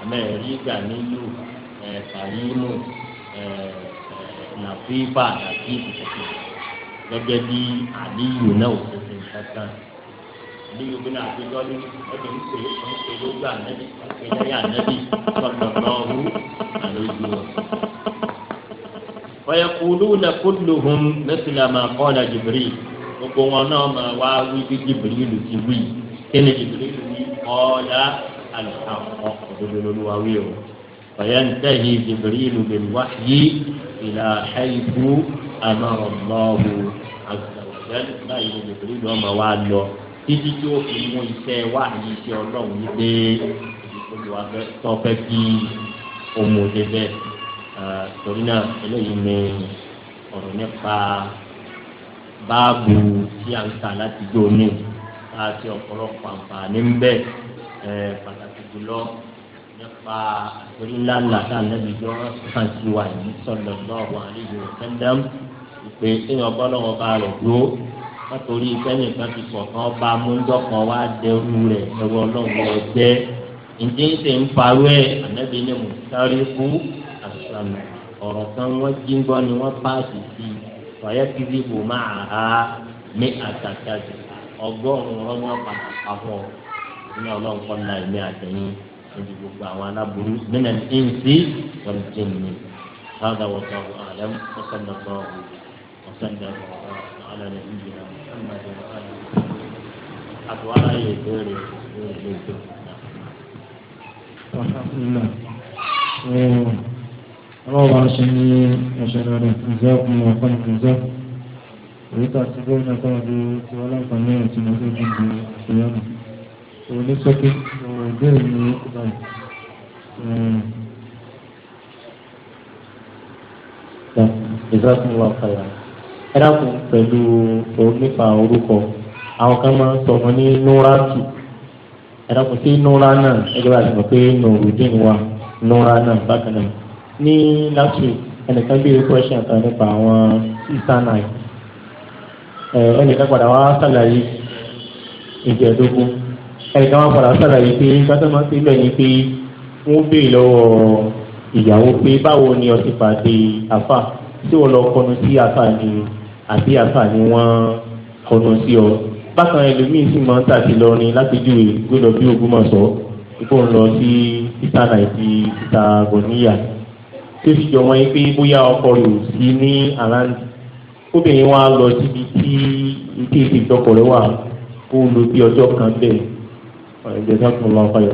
àmẹ́rẹ́rí gbà nílùú ẹ̀ẹ́dàrímù ẹ̀ẹ́ nàfíìbà nàfíìbù tuntun gẹ́gẹ́ bí àlíyù náà ò tètè kankan àlíyù bí náà àti lọ́lú ẹ̀dùn ń pè é ń pè é lójú ànábì ń pè ànábì sọ̀tọ̀ lọ́rù àlójú wọn. ويقولون كلهم مثل ما قال جبريل gbogbo wọn náà máa wá wí bí jibril ti wí kíni jibril wí kọ́lá alùpàpọ̀ òdodo wa wí o fàyẹ́ntẹ́hìn jibril bil wahyi ìlà haifu amọ̀rọ̀lọ́hù àgbàwọ̀jẹ́ báyìí ló lè lọ ọmọ wa lọ títí tí ó fi mú iṣẹ́ wà ní iṣẹ́ ọlọ́run wípé olùwàfẹ́ tó fẹ́ fi òmò débẹ̀ torí náà eléyìí ni ọ̀rọ̀ nípa báàbù tí a ń ta láti gbé omi láti ọ̀pọ̀lọpọ̀ àǹfààní ń bẹ̀ pàtàkì jùlọ nípa àgbélé ńlá ńlá tá a nẹ́bi jọ́ àti wà ní sọ̀lọ́ lọ́wọ́ àlejò ọ̀tẹ́ndẹ́mù pé kéèyàn bọ́ lọ́wọ́ bá rẹ̀ dúró látòrí sẹ́yìn kan ti sọ̀kan ọba múndọ́kan wá dẹrú rẹ̀ ẹ̀rọ ọlọ́run rẹ̀ jẹ́ ǹjẹ́ ń ṣe ń parú ẹ̀ ànábi ni mo sáré kú àṣàmì ọ̀rọ̀ kan wọ́n jí ń gbọ́ ni wọ́n páàsì sí i fàyà kìí bò máa ha ní àtàkàjù ọgọ́rùn-ún ọlọ́wọ́ padà pàpọ̀ ní ọlọ́run kọ́ náà ní àtẹ̀yìn níbi gbogbo àwọn aláburú nínú ẹ̀ ń sí wọ́n jẹ́ mi. هذا الله على نبينا محمد وآله أبواب الدور Alhamdulillah. Ọlọ́wọ́ bá ṣe ní ẹ̀ṣẹ̀ rẹ̀ ǹjẹ́ ọkùnrin ọ̀kan ìgbìnjẹ́. Òyíká ti gómìnà kọ́ọ̀dù tí wọ́n lọ́kàn ní ẹ̀sìn ọdún ìgbìmọ̀ ìyọ́nù. Òun ní sọ́kí, òun ìbéèrè ní ọkùnrin báyìí. Ìjọ́kùnrin wà kàlà ẹ dákun pẹ̀lú onípa orúkọ àwọn kan máa ń sọ wọn ní nuratu ẹ dákun sí nura náà ẹgbẹ́ bá ti mọ̀ pé nurudin wa nura náà bákan náà ní láti ẹnìkan bí question kan nípa àwọn sister nine ẹnìkan padà wá sàlàyé ìjẹ́dógún ẹnìkan wá padà sàlàyé pé gbàtọ́mọ́ sí bẹ́ẹ̀ ni pé wọ́n béè lọ́wọ́ ìyàwó pé báwo ni o ti pàdé àfà tí wọ́n lọ kọnu sí àfà ni àbí àfà ni wọ́n kọnu sí ọ bákan ẹlòmíín sì máa ń tàbí lọrin lápèjúwe gbé lọ bí Ògbómọ̀ṣọ́ ipò ń lọ sí títà nàìjí títà gòníyà tó fi jọmọ yín pé bóyá ọkọ rẹ̀ ò sí ní àlàǹdì obìnrin wa lọ síbi tí ike ìdìjọkọ rẹ̀ wà kó lò bí ọjọ́ kan bẹ́ẹ̀ ọ̀rẹ́dẹ̀ sọ́kùn lọ́wọ́ fọyọ́. ẹ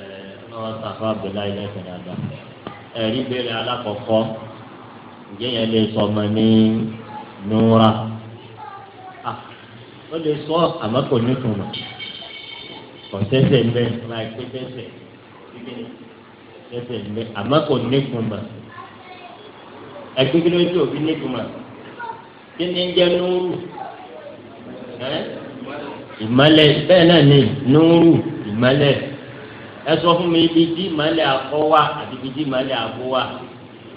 ẹ náà sàfà bẹ̀rẹ̀ ilé ẹ̀sẹ̀ dáadáa ẹ̀rí bẹ̀rẹ̀ alákọ̀ọ́kọ́ ǹjẹ́ yẹn lè sọ ọmọ ní nura ó lè sọ àmọ́ kò ní túmọ̀ kò tẹ́sẹ̀ ń bẹ́ láì pé tẹ́sẹ̀ tẹ́sẹ̀ ń bẹ́ àmọ́ kò ní túmọ̀ ẹgbẹ́gbẹ́ lójú òbí ní túmọ̀ kí ni ń jẹ́ núrù ìmọ̀lẹ̀ bẹ́ẹ̀ náà ni núrù ìmọ̀lẹ̀ ẹ sọ fún mi ibi tí ìmọ̀lẹ̀ akọ àti ibi tí ìmọ̀lẹ̀ abo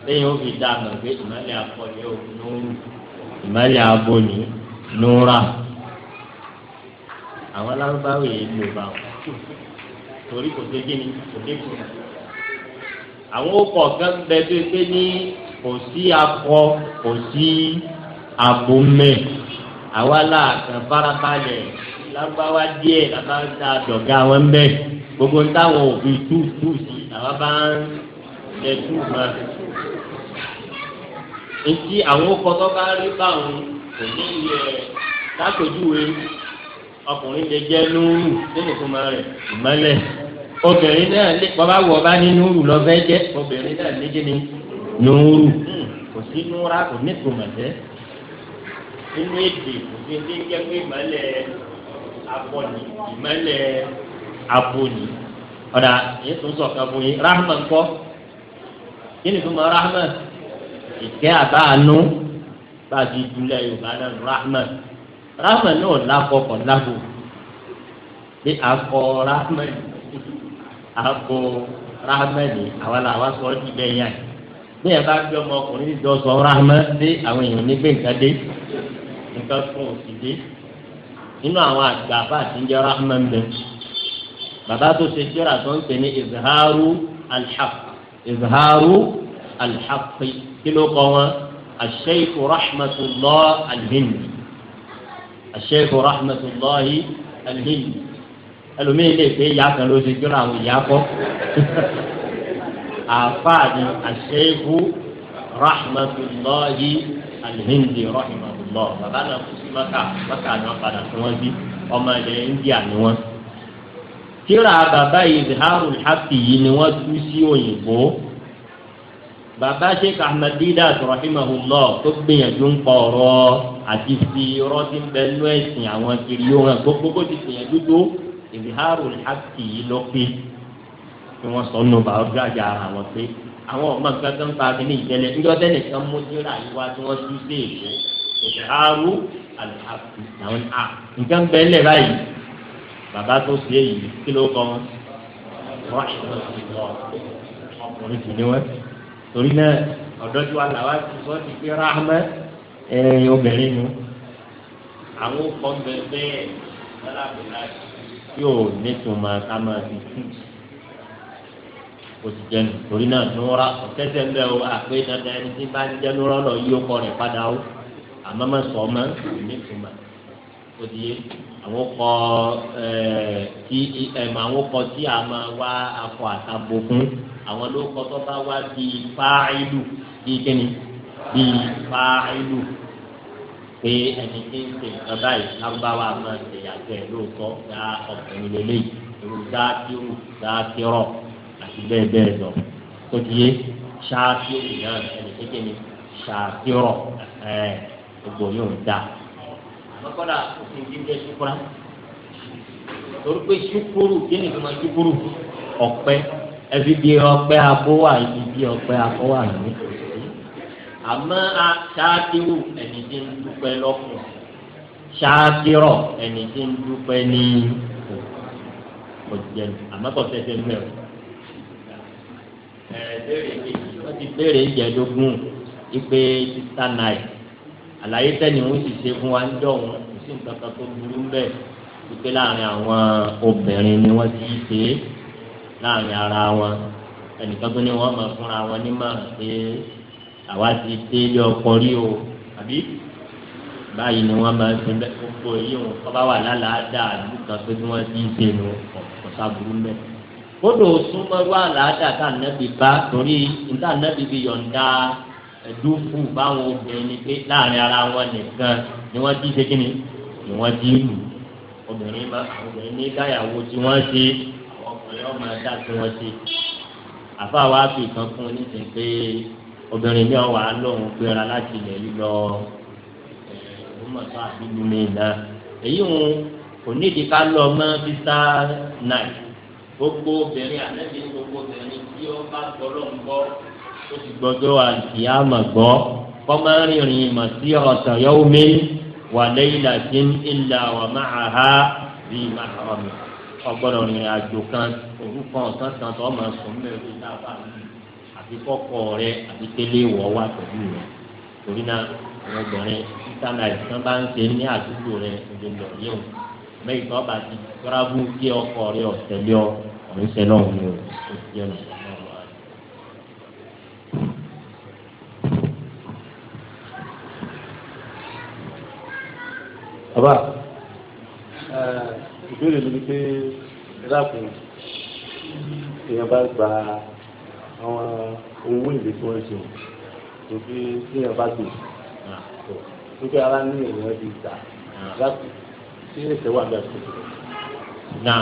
lẹ́yìn ó fi dá a mọ̀ pé ìmọ̀lẹ̀ akọni ó nùrù ìmọ̀lẹ̀ abóni nùrà àwọn alárúbáwò yìí ló bá wọn torí kò dé gíní kò dé kùnà àwọn ọkọ̀ kan bẹ tó pé ní kò sí akọ kò sí abo mẹ àwa là kàn farabalẹ̀ lárúbáwá díẹ̀ làbá ń ta dọ̀gá wọn bẹ́ẹ̀ gbogbo ń táwọn òbí tú tú sí làwọn bá ń lẹ tú wọn etí àwọn kọtọ bá rí báwọn kò ní yẹ lápèjúwe ọkùnrin lè jẹ lóòrù nínú tó máa rẹ ìmọ́lẹ̀ obìnrin náà lè bàbá wọ bá ní lóòrù lọfẹ jẹ obìnrin náà lè jẹ ní lóòrù kò sí núra kò ní tòmọtẹ nínú èdè kò sí ní jẹ pé ìmọ́lẹ̀ abọni ìmọ́lẹ̀ abọni ọ̀dà yìí tún sọ̀kan fún yín rahman kọ́ kí ni tó máa rahman ìkẹ́ àbáànú bá a di dúlẹ̀ yorùbá náà rahman rahman náà lakọ kọ labo bí akọ rahman akọ rahman àwọn làwọn sọ ọ́ ti bẹ́ẹ̀ yá yìí bí ẹ bá gbé ọmọ ọkùnrin ní ìjọsọ rahmẹ dé àwọn èèyàn ní gbẹǹkan dé nǹkan fún òsì dé nínú àwọn àgbà bá ń jẹ rahmẹ bẹ bàbá tó ṣe jẹrà tó ń pè ní ìzharu alhaq ìzharu alḥaqi kí ló kọ́ wọn asheikh rahmatullah alhindi asheikh rahmatullah alhindi ẹlòmíín lè pé ìyá kan ló ṣe jọra àwọn ìyá kọ́ <laughs> àfààní asheikh rahmatullah alhindi rahmatullah bàbá náà kò sí maka maka náà padà fún wọn bí ọmọ ilẹ̀ india ni wọn tíra bàbá ìzìhárù hàpì yìí ni wọ́n tú sí òyìnbó bàbá sheikh ahmed didas rahimahullah tó gbìyànjú ń pọ ọ̀rọ̀ àti fi rọtí ń bẹ nú ẹsìn àwọn kiri yóò hàn gbogbo kó ti gbìyànjú tó ìbíhárò láti yìí lọ pé kí wọn sọ nù bá ọjọ́ àjà ara wọn pé àwọn ọmọ nǹkan tó ń pa akíní ìtẹlẹ ńjọ tẹlẹ kan mú síra yìí wá tí wọn tú sí èkó ìbíhárò àti àwọn a nǹkan bẹ lẹ báyìí bàbá tó ṣe èyí kí ló kọ wọn ọkùnrin sì ni wọn torí náà ọ̀dọ́ tí wà láwa ti sọ ti fi rahma ẹ̀ obìnrin nu àwọn kan bẹ bẹ́ẹ̀ lálábìlá yóò nítumọ̀ ká máa fi tù oṣù jẹnu torí náà nura ọ̀tẹ́sẹ̀ ńbẹ o àpé dandan ẹni tí bá ń jẹ́ nura yí ó kọ́ rẹ̀ padà o àmọ́ mọ̀ sọ́ọ́ mọ́ nítumọ̀ òdìyẹ àwọn kọ tem àwọn kọ tí a máa wá akọ àtàbò fún àwọn ló kọ tó bá wá bí fáìlù bí kíni bí fáìlù pé ẹni tí ń ṣe nǹkan báyìí lágbáwá máa ṣe àjọ ẹ lóòótọ́ dá ọkùnrin lélẹ́yìí irú dáàtìrù dáàtìrọ̀ àti bẹ́ẹ̀ bẹ́ẹ̀ lọ òdìyẹ ṣáàtìrù náà ẹni kékeré ṣáàtìrọ̀ ẹ̀ gbogbo yóò dáa lọ́kọ́dà òfin jíjẹ ṣúkúrà torí pé ṣúkúrù kí ni ìfúnma ṣúkúrù ọ̀pẹ ẹbí bíi ọ̀pẹ abówà ibi bíi ọ̀pẹ abówà ní àmọ́ ṣáàkìrù ẹni tí ń dúpẹ́ lọ́kùn ṣáàkìrọ̀ ẹni tí ń dúpẹ́ ní òjẹ àmọ́ kò tẹ́tẹ́ mẹ́ o ẹ̀ẹ́dẹ́rẹ́ kejì wọ́n ti béèrè ìjẹ́dógún ipe títà náírà àlàyé tẹ́ni wọ́n sì ṣe fún wa ń dọ̀hún kò sí nǹkan kan tó burú bẹ́ẹ̀ wípé láàrin àwọn obìnrin ni wọ́n ti ṣe é láàrin ara wọn ẹnìkan tó ní wọ́n máa fúnra wọn nímọ̀ràn pé àwa ti dé ilé ọkọ rí o àbí báyìí ni wọ́n máa ń ṣe bẹ́ẹ̀ gbogbo èyí wọn kọ́ bá wà lálàádá àdúgbò kan pé kí wọ́n ti ṣe nu ọ̀sá burú bẹ́ẹ̀ kódò súnmọ́rú àlàádà tá ànábì bá torí níta ànábì fi yọ̀ǹda ẹdúkù báwọn obìnrin ni pé láàrin ara wọn nìkan ni wọ́n ti ṣe kíni ni wọ́n ti lù obìnrin bá obìnrin ní káyàwó tí wọ́n ṣe ọkùnrin ọmọ ẹ̀dá tí wọ́n ṣe àfa wa fi kan fún un nísìnyí pé obìnrin mi wà lóhùn gbéra láti ilẹ̀ lílọ ọmọọ̀tọ́ àbílú mi náà èyí ń kò nídìí ká lọ mọ́ bísà náà gbogbo obìnrin àlẹ́ mi gbogbo obìnrin tí ó bá gbọ́ lọ́nbọ́ ó ti gbọ́dọ̀ àlùkìyàmà gbọ́ kọ́má rìnrìn màsí ọ̀tàn yóò mí wà lẹ́yìn láti ń ilà wà máa ha bí màá mi ọgbọ́dọ̀ rìnrìn àjò kan òru kan ọ̀sán kan tó máa sùn mẹ́rin ní àbá àti kọ́kọ́ rẹ àti tẹ́lẹ̀ wọ́ wá pẹ̀lú rẹ torí náà ọmọbìnrin títàlà ìsàn bá ń ṣe ní àdúgbò rẹ òjòjò yẹn o mẹ́yìn tó bá ti tọ́ra bú kí ọkọ rẹ ọ̀tẹ̀lẹ́ ọ̀ ọ̀rẹ́sẹ̀ náà ni o ti yẹn lọ. bàbá ìbéèrè mi ni pé ìdáàkùn èèyàn bá gba àwọn owó ìlé tí wọ́n ṣe wọ́n tó fi èèyàn bá gbè tó fi ara ní èèyàn ti gbà láti ṣé èsè wà bí àti ìṣòro. náà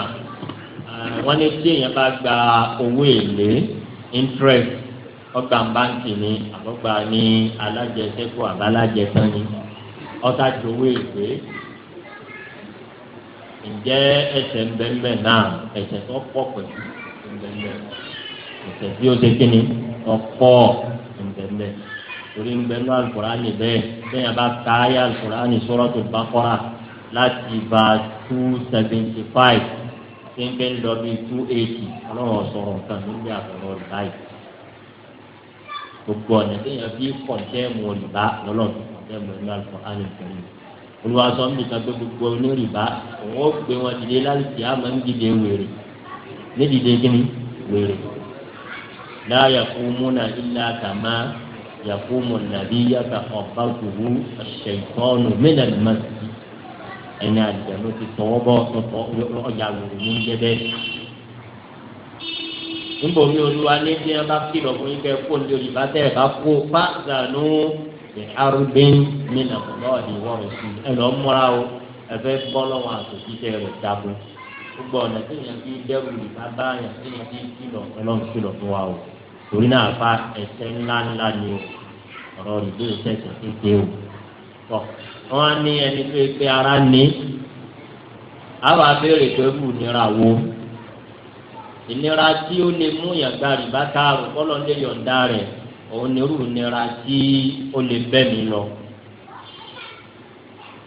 wọ́n ní tí èèyàn bá gba owó èlé interest ọgbà báńkì ni àbọ̀gbà ní alájẹsẹ́kù àbálájẹsán ni ọ̀tá jòwó èlé ǹjẹ́ ẹsẹ̀ ń bẹ mbẹ náà ẹsẹ̀ tó pọ̀ pẹ̀lú ń bẹ mbẹ ẹsẹ̀ tí ó ṣe kíni tó pọ̀ ń bẹ mbẹ torí ń bẹ nú alukurani bẹ́ẹ̀ bẹ́ẹ̀ yẹn bá ka ayé alukurani Suratul Baqara láti ba two seventy five ṣé ń bẹ ń lọ bí two eighty ọlọ́run sọ̀rọ̀ nǹkan ló ń bẹ àtọ̀rọ̀ láì gbogbo ọ̀nà tí yẹn fi kọ̀ńtẹ́ẹ̀mù olùbá lọ́lọ́run kọ̀ńtẹ́ẹ̀mù nínú alukurani kẹrin olùwàsọ ń bìkan pé gbogbo onírìbá òun ó gbé wọn dìde láti àmọ́ ń dìde wèrè ní dìde kíni wèrè la yakumuna illa kama yakumu nabiyya yataqabbaluhu ash-shaytanu min al-mas ẹni àdìgbàló ti tọwọ́ bọ́ tọ́tọ́ ọjà wòlò ní jẹ́bẹ́. níbo olúwa ní bí wọn bá kìlọ̀ fún kẹ́ fóònù lórí bá tẹ̀ bá kó fáàzà nù. ṣe arúgbìn nínú ọ̀pọ̀lọ́ ìwọ rẹ̀ sí ẹ lọ múra o ẹ fẹ́ bọ́ lọ́wọ́ àtòkíṣe rẹ̀ dáko gbogbo ọ̀nà tí èèyàn fi dẹ́rù ìta bá yàn tí èèyàn fi kìlọ̀ ọlọ́run kìlọ̀ fún wa o o ọ̀rọ̀ ara ní pé kù nira wo ìnira tí ó lè mú òun ni irú ìnira tí ó lè bẹ́ mi lọ.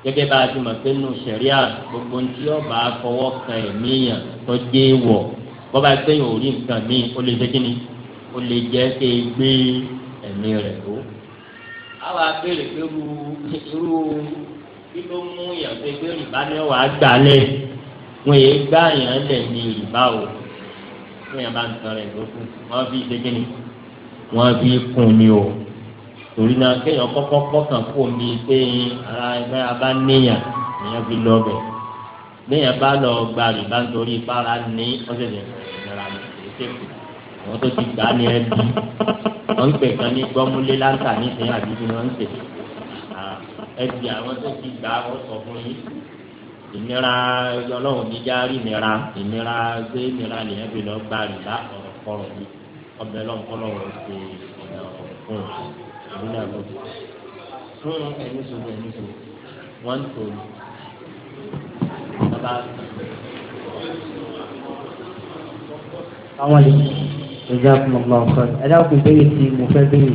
gẹ́gẹ́ bá a ti mọ̀ pé nù sẹ̀ríà gbogbo ní tí ọba fọwọ́ kan ẹ̀mí yàn tó dé wọ̀ bọ́ba sẹ́yìn ò rí nǹkan míì ó lè dẹ́kí ni ó lè jẹ́ kí e gbé ẹ̀mí rẹ̀ tó. àwa béèrè pé irú irú kí ló mú yàn pé pé rìbá ni wà á gbà lẹ̀ wọ́n yé gbà yàn lẹ̀ ní rìbá o wọ́n yàn bá ń tọrọ lókun wọ́n fi dẹ́kí ni wọ́n fi kún ni o torí náà kéèyàn kọ́kọ́ kọ́kàn kó mi pé ara ẹgbẹ́ abá níyàn èèyàn fi lọ bẹ̀ léèyàn bá lọ gba rìbá nítorí ìpara ní ọ̀sẹ̀dẹ̀ ìnira ìṣèkù àwọn tó ti gbà ní ẹbí wọ́n ń pè kan ní gbọ́múlé láńtà nísìnyí àbí bí wọ́n ń pè ẹbí àwọn tó ti gbà ó sọ fún yín ìnira ọlọ́run níjà rí ìnira ìnira gbé ìnira lèyàn fi lọ gba rìbá ọ̀rọ̀ kọ̀ọ̀rọ̀ yìí ọbẹ̀ lọ́nkọ́lọ́ wọ̀ ṣe ọ̀nà ọ̀fún ìlú náà lọ. fún ẹni sọ̀rọ̀ ẹni sọ̀rọ̀ wọ́n ń tò bàbá. àwọn yìí ìjà fún ọgbà ọ̀kan ẹ dákun ìbéèrè tí mo fẹ́ béèrè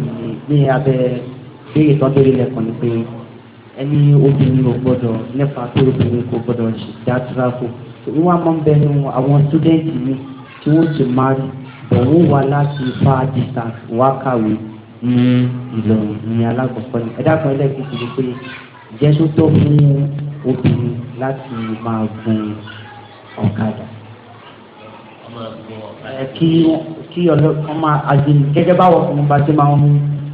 ní abẹ́ béèrè tó béèrè lẹ́kọ̀ọ́ ni pé ẹni obìnrin ò gbọ́dọ̀ nípa pé obìnrin kò gbọ́dọ̀ ṣe dáadáa kó. ìwọ́n máa ń bẹnu àwọn sítúdẹ̀ǹtì mi tí wọ́n ti máa rí òun wà láti fa dìtà wá kàwé ní Ìlọrin ní alákọ̀ọ́kọ́ ni ẹ̀dá kan ẹlẹ́gbẹ̀ẹ́ ti di pé jẹ́só tó fún obìnrin láti máa gun ọ̀kadà kí kí ọlọ́kàn máa àdìní gẹ́gẹ́ báwọ̀ fún un bá ti máa ń mú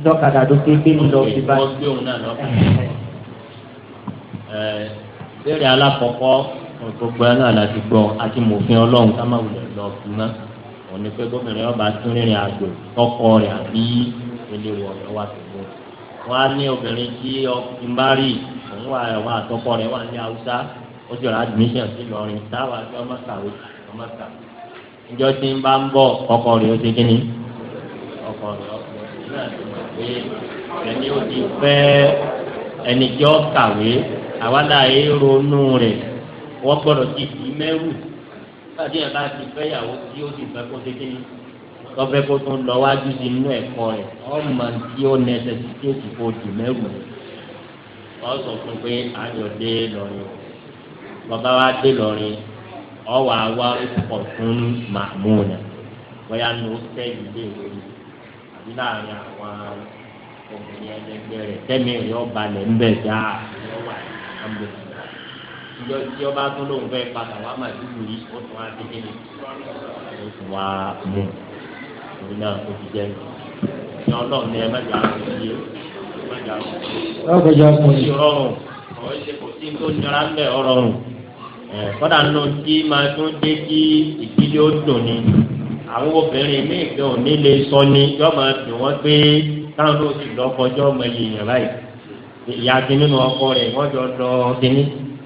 lọ́kadà tó pé pé ń lọ sí báyìí. wọ́n gbé òun náà lọ́kadà. béèrè alákọ̀ọ́kọ́ gbogbo ẹ̀ náà láti gbọ́ àti mòfin ọlọ́run ká má wulẹ̀ lọ fún náà. òní pé gómìnà ọba tún rìnrìn àjò tọkọ rẹ àbí eléwọ rẹ wà tòbó wọn á ní obìnrin tí ọkùnrin bá rí òun wà ẹwà àtọkọ rẹ wà ní haúsá ó rà admission sí lọrin táwa tí ọmọ kàwé ọmọ ìjọ tí ń bá ń bọ ọkọ rẹ ó ti kí ni ọkọ rẹ ọkùnrin náà pàdé yẹn bá ti fẹ́ yàwó tí ó sì fẹ́ kó dédéé tọ́fẹ́ kó tó lọ wájú sí inú ẹ̀kọ́ rẹ̀ ọmọ tí ó nẹsẹ̀ sí tí ó sì kó dì mẹ́rù ọ sọ fún pé lọ́rin bàbá wa dé lọ́rin ọ wà wá fún bóyá ní ó lé àbí láàrin àwọn obìnrin tẹ́mi ọba dáa ìjọ tí ọba tó lóun fẹ́ padà wá máa dúró yìí ó tún wá dé kéde ó tún wá mú òun náà ó ti jẹ́ ní ọlọ́run ní ẹ mẹ́jọ àwọn ìdílé mẹ́jọ àwọn ìdílé. ọ̀gbẹ́jọ́ kò sí rọrùn ọ̀rọ̀ ṣe kò sí tó nira ń bẹ̀ kọ́dà nù tí máa tún dé kí ìdílé ó dùn ni àwọn obìnrin míì kan ò ní lè sọ ni yọ máa dùn wọ́n pé táwọn náà ti lọ́kọjọ́ mọ iye yẹn báyìí ìyá kìnnìún ọkọ rẹ̀ wọ́n jọ lọ kìnnìún.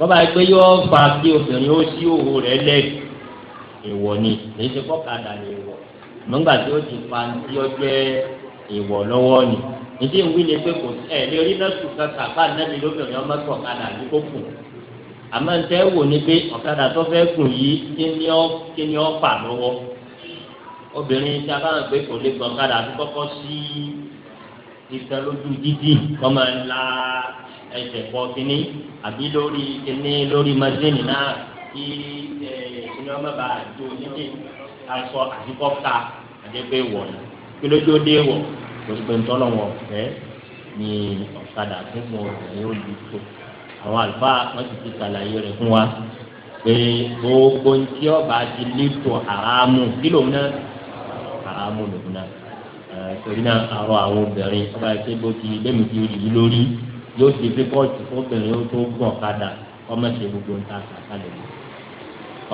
bọ́bá yìí pé fa kí obìnrin ó sí òwò rẹ̀ lẹ́ẹ̀ ìwọ ni èyí ti kọ́ kadà ní ìwọ nígbà tí ó ti fa tí ó ìwọ lọ́wọ́ ni ìdí ìwí ni pé kò ẹ̀ lè rí nọ́ọ̀sì kankan bá nẹ́ẹ̀mí lóbìnrin ọmọ kan kadà ní kó kù àmọ́ wò ni pé ọ̀kadà tó fẹ́ kùn yìí kí ni ọ́ kí ni ọ́ fà lọ́wọ́ obìnrin tí a bá ń gbé kò lè gbọ́ ọ̀kadà tó kọ́kọ́ sí ìtàn dídì kọ́ máa ń la ẹsẹ̀ pọ̀ kínní àbí lórí kínní lórí mẹ́sìnì náà kí ẹ ìṣúná mẹ́ba àjò níbi aṣọ àdìkọ́ta àdẹ́gbẹ́ wọ̀ ní kílódé dé wọ̀ gbogbo ntọ́nà wọn ọ̀fẹ́ ni ọ̀kadà fún wọn ní ojú tó àwọn àlùfáà wọn ti ti ṣàlàyé rẹ̀ fún wa pé gbogbo ntí ọba ti lítò àràmù kí lòun náà àràmù lòun náà torí náà àrọ àwọn obìnrin ọba ìṣègbè ti lẹ́mìtì yìí lórí yóò di bíkọ́ọ̀tì fóbìnrin ó tó gbọ̀n kadà ọmọ ti gbogbo nta kàkàlẹ̀ mi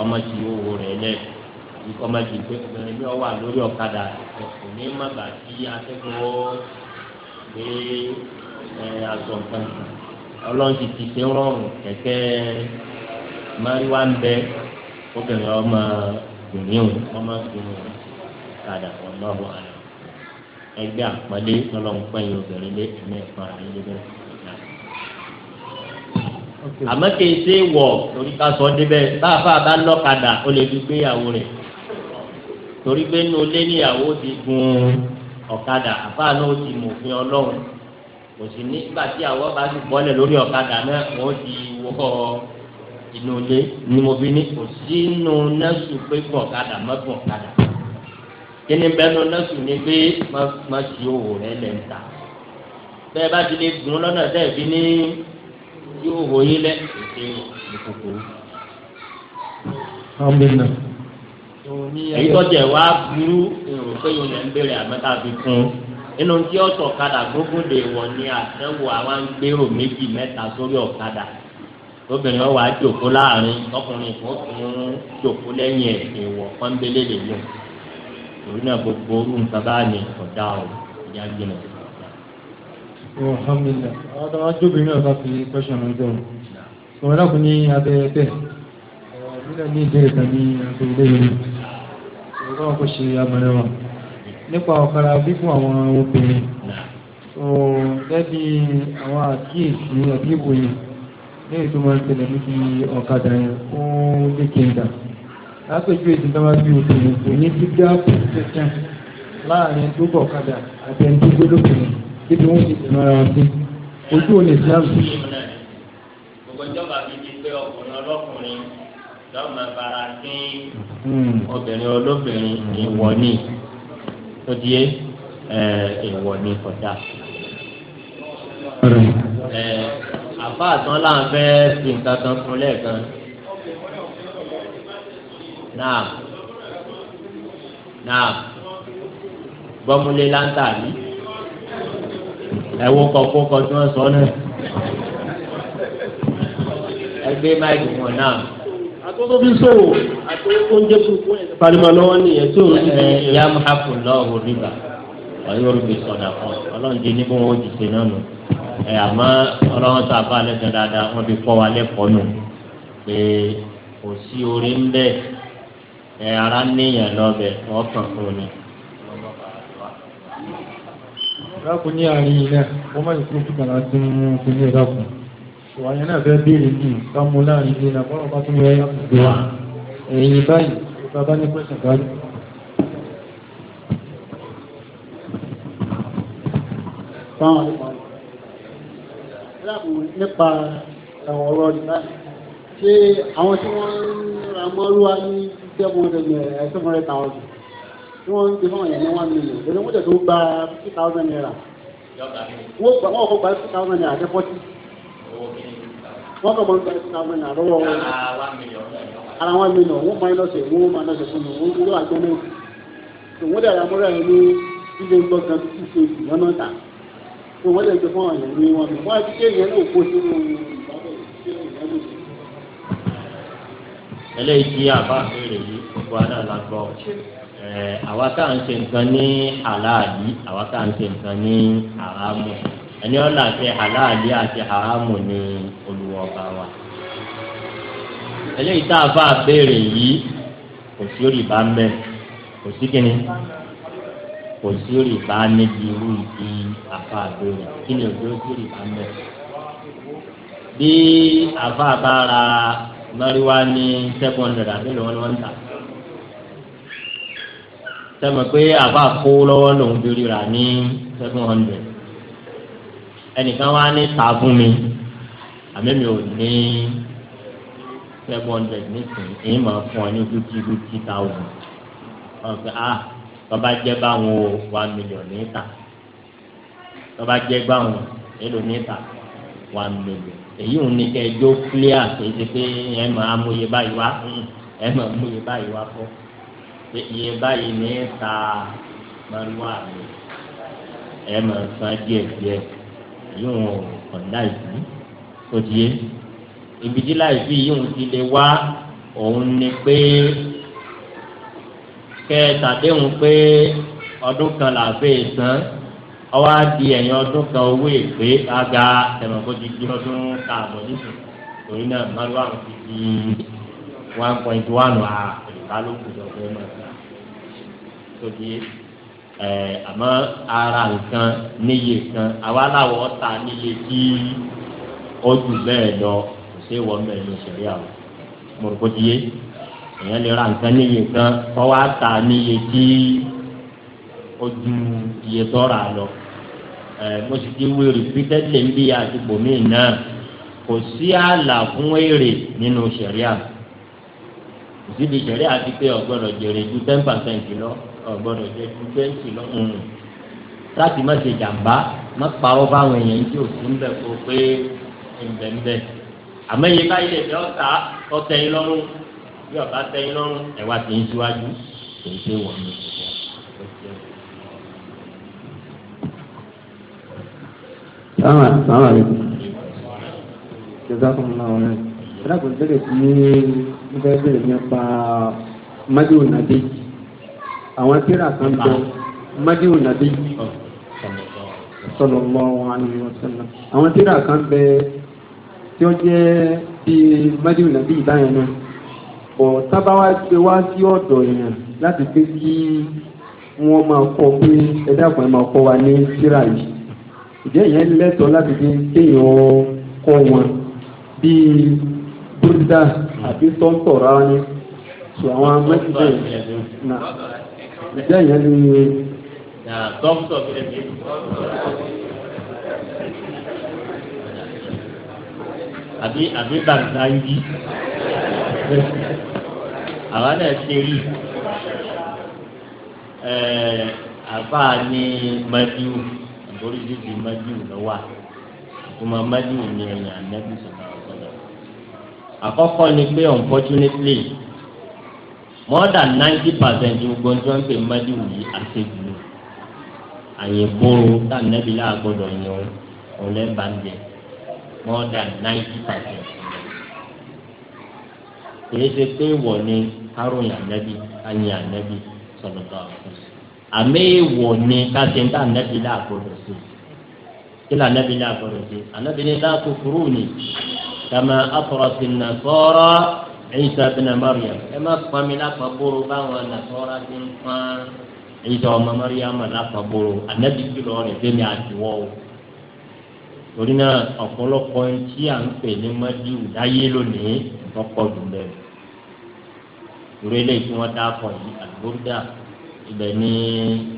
ọmọ ti owó rẹ̀ lẹ̀ àbí ọmọ ti gbé obìnrin mi wà lórí ọ̀kadà ẹ̀kọ́ ní mọ̀gbà tí atẹ́gùn ó gbé aṣọ nǹkan ọlọ́run ti ti ṣe rọrùn kẹ̀kẹ́ mariwa ń bẹ obìnrin ọmọ gbìyànjú ọmọ gbìyànjú kadà ọlọ́run àná ẹgbẹ́ àpọ́nlé ọlọ́run pẹ́yìn obìnrin lé ẹ̀mí ẹ̀fọn àyè àmọ́ kìí ṣe wọ̀ torí ká sọ débẹ̀ báàfà bá lọ́kadà ó lè fi gbéyàwó rẹ̀ torí pé nínú ilé níyàwó ti gun ọ̀kadà àfà náà ó ti mòfin ọlọ́run kò sí nígbà tí àwọ̀ bá ti bọ́lẹ̀ lórí ọ̀kadà náà wọ́n ti wọ́ inú ilé ni mo fi ní kò sí inú nẹ́sù pé gun ọ̀kadà mọ́ gun ọ̀kadà kíni bẹ́ẹ̀nu nẹ́sù ni pé má sì owó rẹ̀ lẹ́ńtà bẹ́ẹ̀ bá ti lè gun lọ́nà tẹ́ẹ̀ fi yóò wò yín lẹ ètò ìkòkòrò. amina. èyí tọ́jà wa burú èrò pé yóò lẹ́ ń bèrè àmọ́ta fi kún inú tí ó sọ ọ̀kadà gbógun lè wọ̀ ní àtẹ̀wò àwọn gbèrò méjì mẹ́ta sórí ọ̀kadà obìnrin ọwọ́ àjòkó láàrin ọkùnrin kò tún jòkó lẹ́yìn ẹ̀ ìwọ̀ pọ́nbélé lè yọ torí náà gbogbo nǹkan bá ní ọ̀dà ọ̀ ìyá gbìnà alhamdulilah àwọn ajóbìnrin náà bá fi pẹ́ṣọ̀ náà jẹun ọmọ náà kò ní abẹ ẹgbẹ́ nílẹ̀ ní ìbéèrè kan ní àti ilé ìlú ọgbọ́n kò ṣe amọ̀rẹ́ wọn nípa ọ̀kadà fífún àwọn obìnrin tó gẹ́bí àwọn àkíyèsí àbí ìwòye ní ètò máa ń tẹ̀lé níbi ọ̀kadà yẹn ó lè kéńdà lápẹjú ètò ìjọba bí obìnrin kò ní sí gáàpù tẹ̀sán láàrin tó bọ̀ ọ̀kadà àti ẹni níbi wọn ti tẹ̀lé ara sí ojú ò lè sí àbùkù. gbogbo ìjọba mi ti pé ọkùnrin ọlọ́kùnrin lọ́wọ́ máa bára sí hmm. obìnrin olóbìnrin ìwọ ni tó di ìwọ ni kọjá. àbá àtàn là ń fẹ́ sí nǹkan kan fún lẹ́ẹ̀kan. náà náà gbọ́múlé láńtà yìí. ẹ̀wọ́ kọ tí wọ́n sọ náà ẹgbẹ́ máìkì wọn náà. àtọ́tọ́ fi sòwò àtọ́tọ́ ń jẹ́ kúrúkú ẹ̀ palimọ̀ lọ́wọ́ nìyẹn tó ń rí. ìyá muhafu lọ́wọ́ rìbá ọ̀yọ́ rìbá sọ̀dà kan ọlọ́run ti ní kó wọ́n ti ṣe náà nù. ẹ àmọ́ ọlọ́run tó àbá alẹ́ dáadáa wa lẹ́kọ̀ọ́ nù pé kò sí orí ń bẹ́ẹ̀ ẹ ara níyàn lọ́bẹ̀ lákùn ní àárín yìí náà wọ́n má ìkúrò fún kàlá tí wọ́n fi ní ìdákùn ṣùgbọ́n yẹn náà fẹ́ béèrè ní ìkámu láàrin ilé náà bọ́lá bá tún yẹ ẹ̀kú wa ẹ̀yìn báyìí bá bá ní pẹ̀sẹ̀ kárí. nípa ọ̀rọ̀ ìgbà ṣé àwọn tí wọ́n ń ra mọ́rú ní seven hundred naira seven hundred tí wọ́n ń ṣe fún ọ̀yàn one million èdè wọ́n jẹ̀ tó gba fifty thousand naira wọ́n gbà wọ́n kọ́ gba fifty thousand naira àti forty wọ́n kọ́ mọ́ gba fifty thousand naira lọ́wọ́ ara one million wọ́n máa ń lọ́sẹ̀ wọ́n máa ń lọ́sẹ̀ fún mi wọ́n wúlò àjọ náà wọ́n dẹ̀ àmúra ẹ̀ ní ilé gbọ́ngàn tí ṣe ìyọ́nà ta wọ́n lè jẹ fún ọ̀yàn ní wọn wọ́n á ti ṣe ìyẹn náà kó sínú ìbáwọ̀ ìṣẹ́lẹ̀ ìyẹn lòdì eléyìí tí àbá àbẹ̀rẹ̀ yìí gbogbo aná la gbọ́. Eh, àwa tá à ń ṣe nǹkan ní aláàbí àwa tá à ń ṣe nǹkan ní haramu ẹni ọ̀la àti aláàbí àti haramu ni olùwọ̀ wa. eléyìí tá a bá a béèrè yìí kò sí òrìbá mbẹ kò sí kíni kò sí òrìbá níbi irú ìdí àfa àbẹ̀rẹ̀ kí ni òjò sí òrìbá mbẹ. bí àfa bá ra mẹ́rìnwá ní seven hundred àbí lọ́wọ́ ni wọ́n ń tà sẹ́mi pé àbá kó lọ́wọ́ lòún bí rírà ní seven hundred ẹnìkan wá ní ta fún mi àmì mi ò ní seven hundred nísìnyí èyí máa fún ọ ní fifty fifty thousand wọn fi ah tọ́ba jẹ́ báwọn o one million ní ta tọ́ba jẹ́ báwọn èlò ní one million èyí ò ní kẹ́ ẹjọ́ clear kì í ṣe pé ẹ máa amóye báyìí wá ẹ máa amóye báyìí wá fọ́ pé iye báyìí ní ta mọ́lúwà mi ẹ máa san díẹ̀ díẹ̀ yóò kàn láìsí ó ti yé ibi tí láìsí yóò ti lè wá òun ni pé kẹtàdéhùn pé ọdún kan là fẹ́ ọwọ́ di ẹ̀yìn ọdún kan owó èpè aga tẹ̀mọ̀kó ti di ọdún káàbọ̀ nísìnyí torí náà mọ́lúwà mi ti di one point one a ọ̀tá ló kù lọ fẹ́ máa ta tóbi ẹ àmọ́ ara nǹkan níye kan àwa làwọn ọ̀tá níye kí ó jù bẹ́ẹ̀ lọ kò sí ìwọ mẹ́rin ló ṣẹlẹ̀ àwọn mọ̀rọ̀kọ́dìyẹ èèyàn lè ra nǹkan níye kan kọ́ wa ta níye kí ó ju iye tọ́ra lọ ẹ mo sì ti wí rìpítẹ́tì ń bí àtìpó mi náà kò sí ààlà fún èrè nínú ṣẹ̀ríà. No ìdílé ìṣẹ̀lẹ̀ àti pé ọ̀gbọ́dọ̀ jèrè ju ten percent lọ ọ̀gbọ́dọ̀ jẹ ju twenty lọ hmm. láti má ṣe jàǹbá má parọ́ báwọn èèyàn tí ò sí ń bẹ̀ kó pé ǹbẹ̀ ń bẹ̀ àmọ́ iye báyìí lè fẹ́ ọ̀tá ọ̀tẹ̀yìn lọ́rùn bí ọ̀bá tẹ̀yìn lọ́rùn ẹ̀wà tẹ̀ ń síwájú kò ṣe wọ̀ ní ìṣẹ̀lẹ̀. Sáwọn àlejò. Jẹ́sàkùnrin náà wọlé ìdáàbòbò bẹ̀rẹ̀ sí ní bẹ́ẹ̀ bẹ̀rẹ̀ nípa mádìwò nàbí àwọn tíra kan bọ mádìwò nàbí sallallahu alaihi wasallam àwọn tíra kan bẹ tí ó jẹ́ bí mádìwò nàbí ìbáyẹn náà bọ̀ tábáwá gbé wá sí ọ̀dọ̀ èèyàn láti pé kí wọ́n máa kọ́ pé ẹ dákun ẹ máa kọ́ wa ní tíra yìí ìdí èèyàn lẹ́tọ̀ọ́ láti fi kéèyàn kọ́ wọn bíi bírídà àbí tọ́ńtọ̀ rárá ni sọ àwọn mẹ́tìdá yẹn náà ìdá yẹn ni. tọ́ńtọ̀ bíi ẹ̀mí. àbí àbí bàtà yìí àwa náà ṣe rí àbá ní madiu àbórí dídì madiu lọ́wọ́ àkùmọ̀ madiu ní ẹ̀yìn ànábì sọ̀rọ̀ àkọ́kọ́ ni pé unfortunately more than ninety percent gbogbo tí wọ́n pè mọ́dí wùyí àṣejù àyèbóró tànàbí làgbọ́dọ̀ yan ọ̀lẹ́bàndẹ̀ more than ninety percent. kìí ṣe pé wọ̀ ni káròyìn ànábì káyìn ànábì sọ̀rọ̀ tó àwọn. àmì ìwọ̀ ni káṣíńtà ànábì làgbọ́dọ̀ sí i kila anabi ní agbọ́dọ̀ ṣe anabi ní la tufuruni kama afrasi nasara Isa ibn Maryam ẹ má pami lápapòrò báwọn nasara ti ń pọn Isa ọmọ Maryam lápapòrò anabi kìlọ̀ rẹ̀ fẹ́mi àtiwọ́ o torí náà ọ̀pọ̀lọpọ̀ ẹni tí à ń pè ní mọ́díù láyé lónìí ọ̀pọ̀ jù bẹ́ẹ̀ ìró eléyìí tí wọ́n dá pọ̀ yìí àgbóńdà ibẹ̀ ni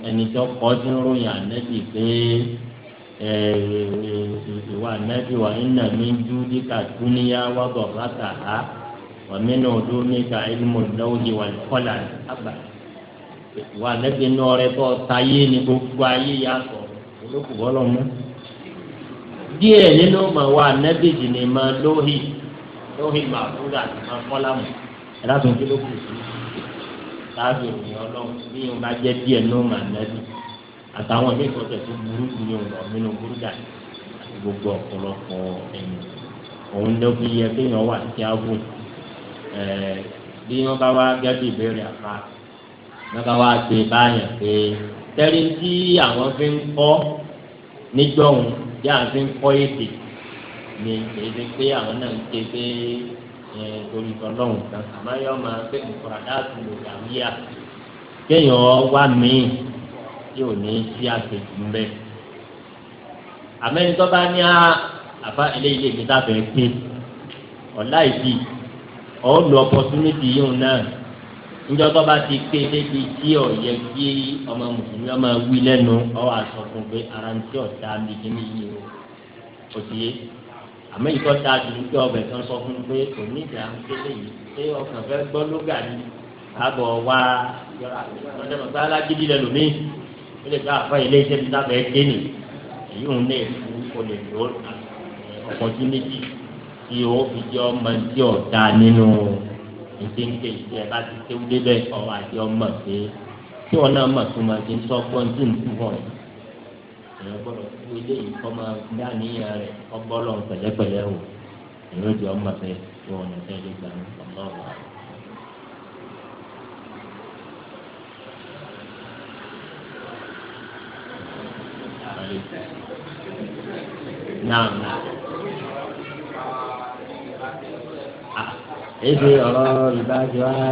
ẹni tó kọ́ sínú ròyìn ànẹ́bì pé ìwà nẹ́bí wà iná mi ń dú díkà dúníyà wọ́gọ̀ bàtà á wà mí nà ọdún níka ilmu lọ́wọ́dì wà kọ́là àgbà ìwà nẹ́bí nà ọ̀rẹ́ bọ́ táyé ni gbogbo ayé yà olókùn bọ́lọ̀ díẹ̀ nínú jì ní ma lóhì lóhì ma kọ́là sí i. láàbì ọlọ́run bí yóò bá jẹ́ díẹ̀ nínú àtàwọn míì sọ̀tẹ̀ tó burú nínú ọ̀nà nínú búrúdà àti gbogbo ọ̀pọ̀lọpọ̀ ẹ̀yìn òun ló fi yẹ kéèyàn wà sí ágùn bí wọ́n bá wá gẹ́gẹ́ ìbéèrè àpá wọ́n bá wá gbé báyàn pé tẹ́lí tí àwọn fi ń kọ́ níjọ́hun bí àwọn fi ń kọ́ èdè ni èdè pé àwọn náà ń ké pé torí tọ́lọ́hùn kan àmọ́ yọ máa pé nǹkan àdáàtúndò dàwíyà kéèyàn wá míì tí ò ní sí àtẹ̀jù ń bẹ. àmẹ́ni tó bá ní àbá eléyìí lèmi dábẹ́ pé ọ̀la ìdí ọ̀ọ́lù opportunity yìí náà níjọ́ tó bá ti pé débi tí ò yẹ kí ọmọ mùsùlùmí ọmọ wí lẹ́nu ọ̀ àsọkùn pé ara ń tí ọ̀tá mi kí ni yìí o kò sí yé àmọ́ ìtọ́ ta dùn pé ọbẹ̀ kan sọ fún pé kò ní ìdá kéde yìí pé ọkàn fẹ́ gbọ́ lóga ni àbọ̀ wá yọrọ àgbẹ̀ ọ̀dẹ́mọ̀gbá alágídí lẹ́nu mi ó lè dá àfa ilé iṣẹ́ mi lábẹ́ dé nì èyí òun lè fún olè lò opportunity tí o fi jẹ́ ọmọ tí ò da nínú ìdíńkè tí ẹ bá ti tẹ́wọ́ débẹ̀ ọ̀rọ̀ àti ọmọ pé tí wọn náà mọ̀ tó máa ti sọ fún ọdún ìfúnfọ̀ rẹ̀ èèyàn gbọ́dọ̀ fún ilé yìí kọ́ máa dá níyàn rẹ̀ ọgbọ́lọ́ pẹ̀lẹ́pẹ̀lẹ́ o èèyàn jẹ́ ọmọ fẹ́ tí wọn náà fẹ́ lé gbàgbọ́ ọlọ́run. náà èdè ah, ọ̀rọ̀ olùdájọ́ á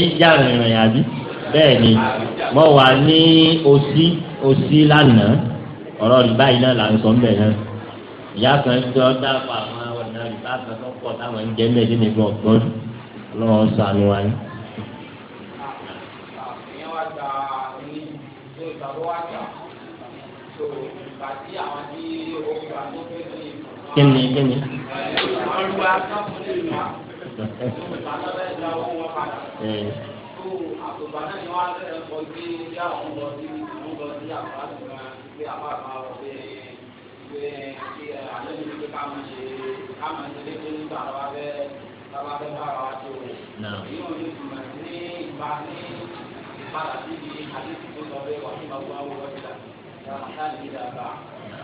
ń já rìnrìn àbí bẹ́ẹ̀ ni mo wà ní òsì òsì lánàá ọ̀rọ̀ rìbá yìí náà là ń sọ mbẹ̀ náà ìyá kan jọ dáàbò àwọn ọ̀nà rìbá kan tó pọ̀ táwọn ń jẹ́ mbẹ́ dínní ọ̀gbọ́n ọlọ́run sọ àmì wa kíni kíni. <laughs> Eh. Nah.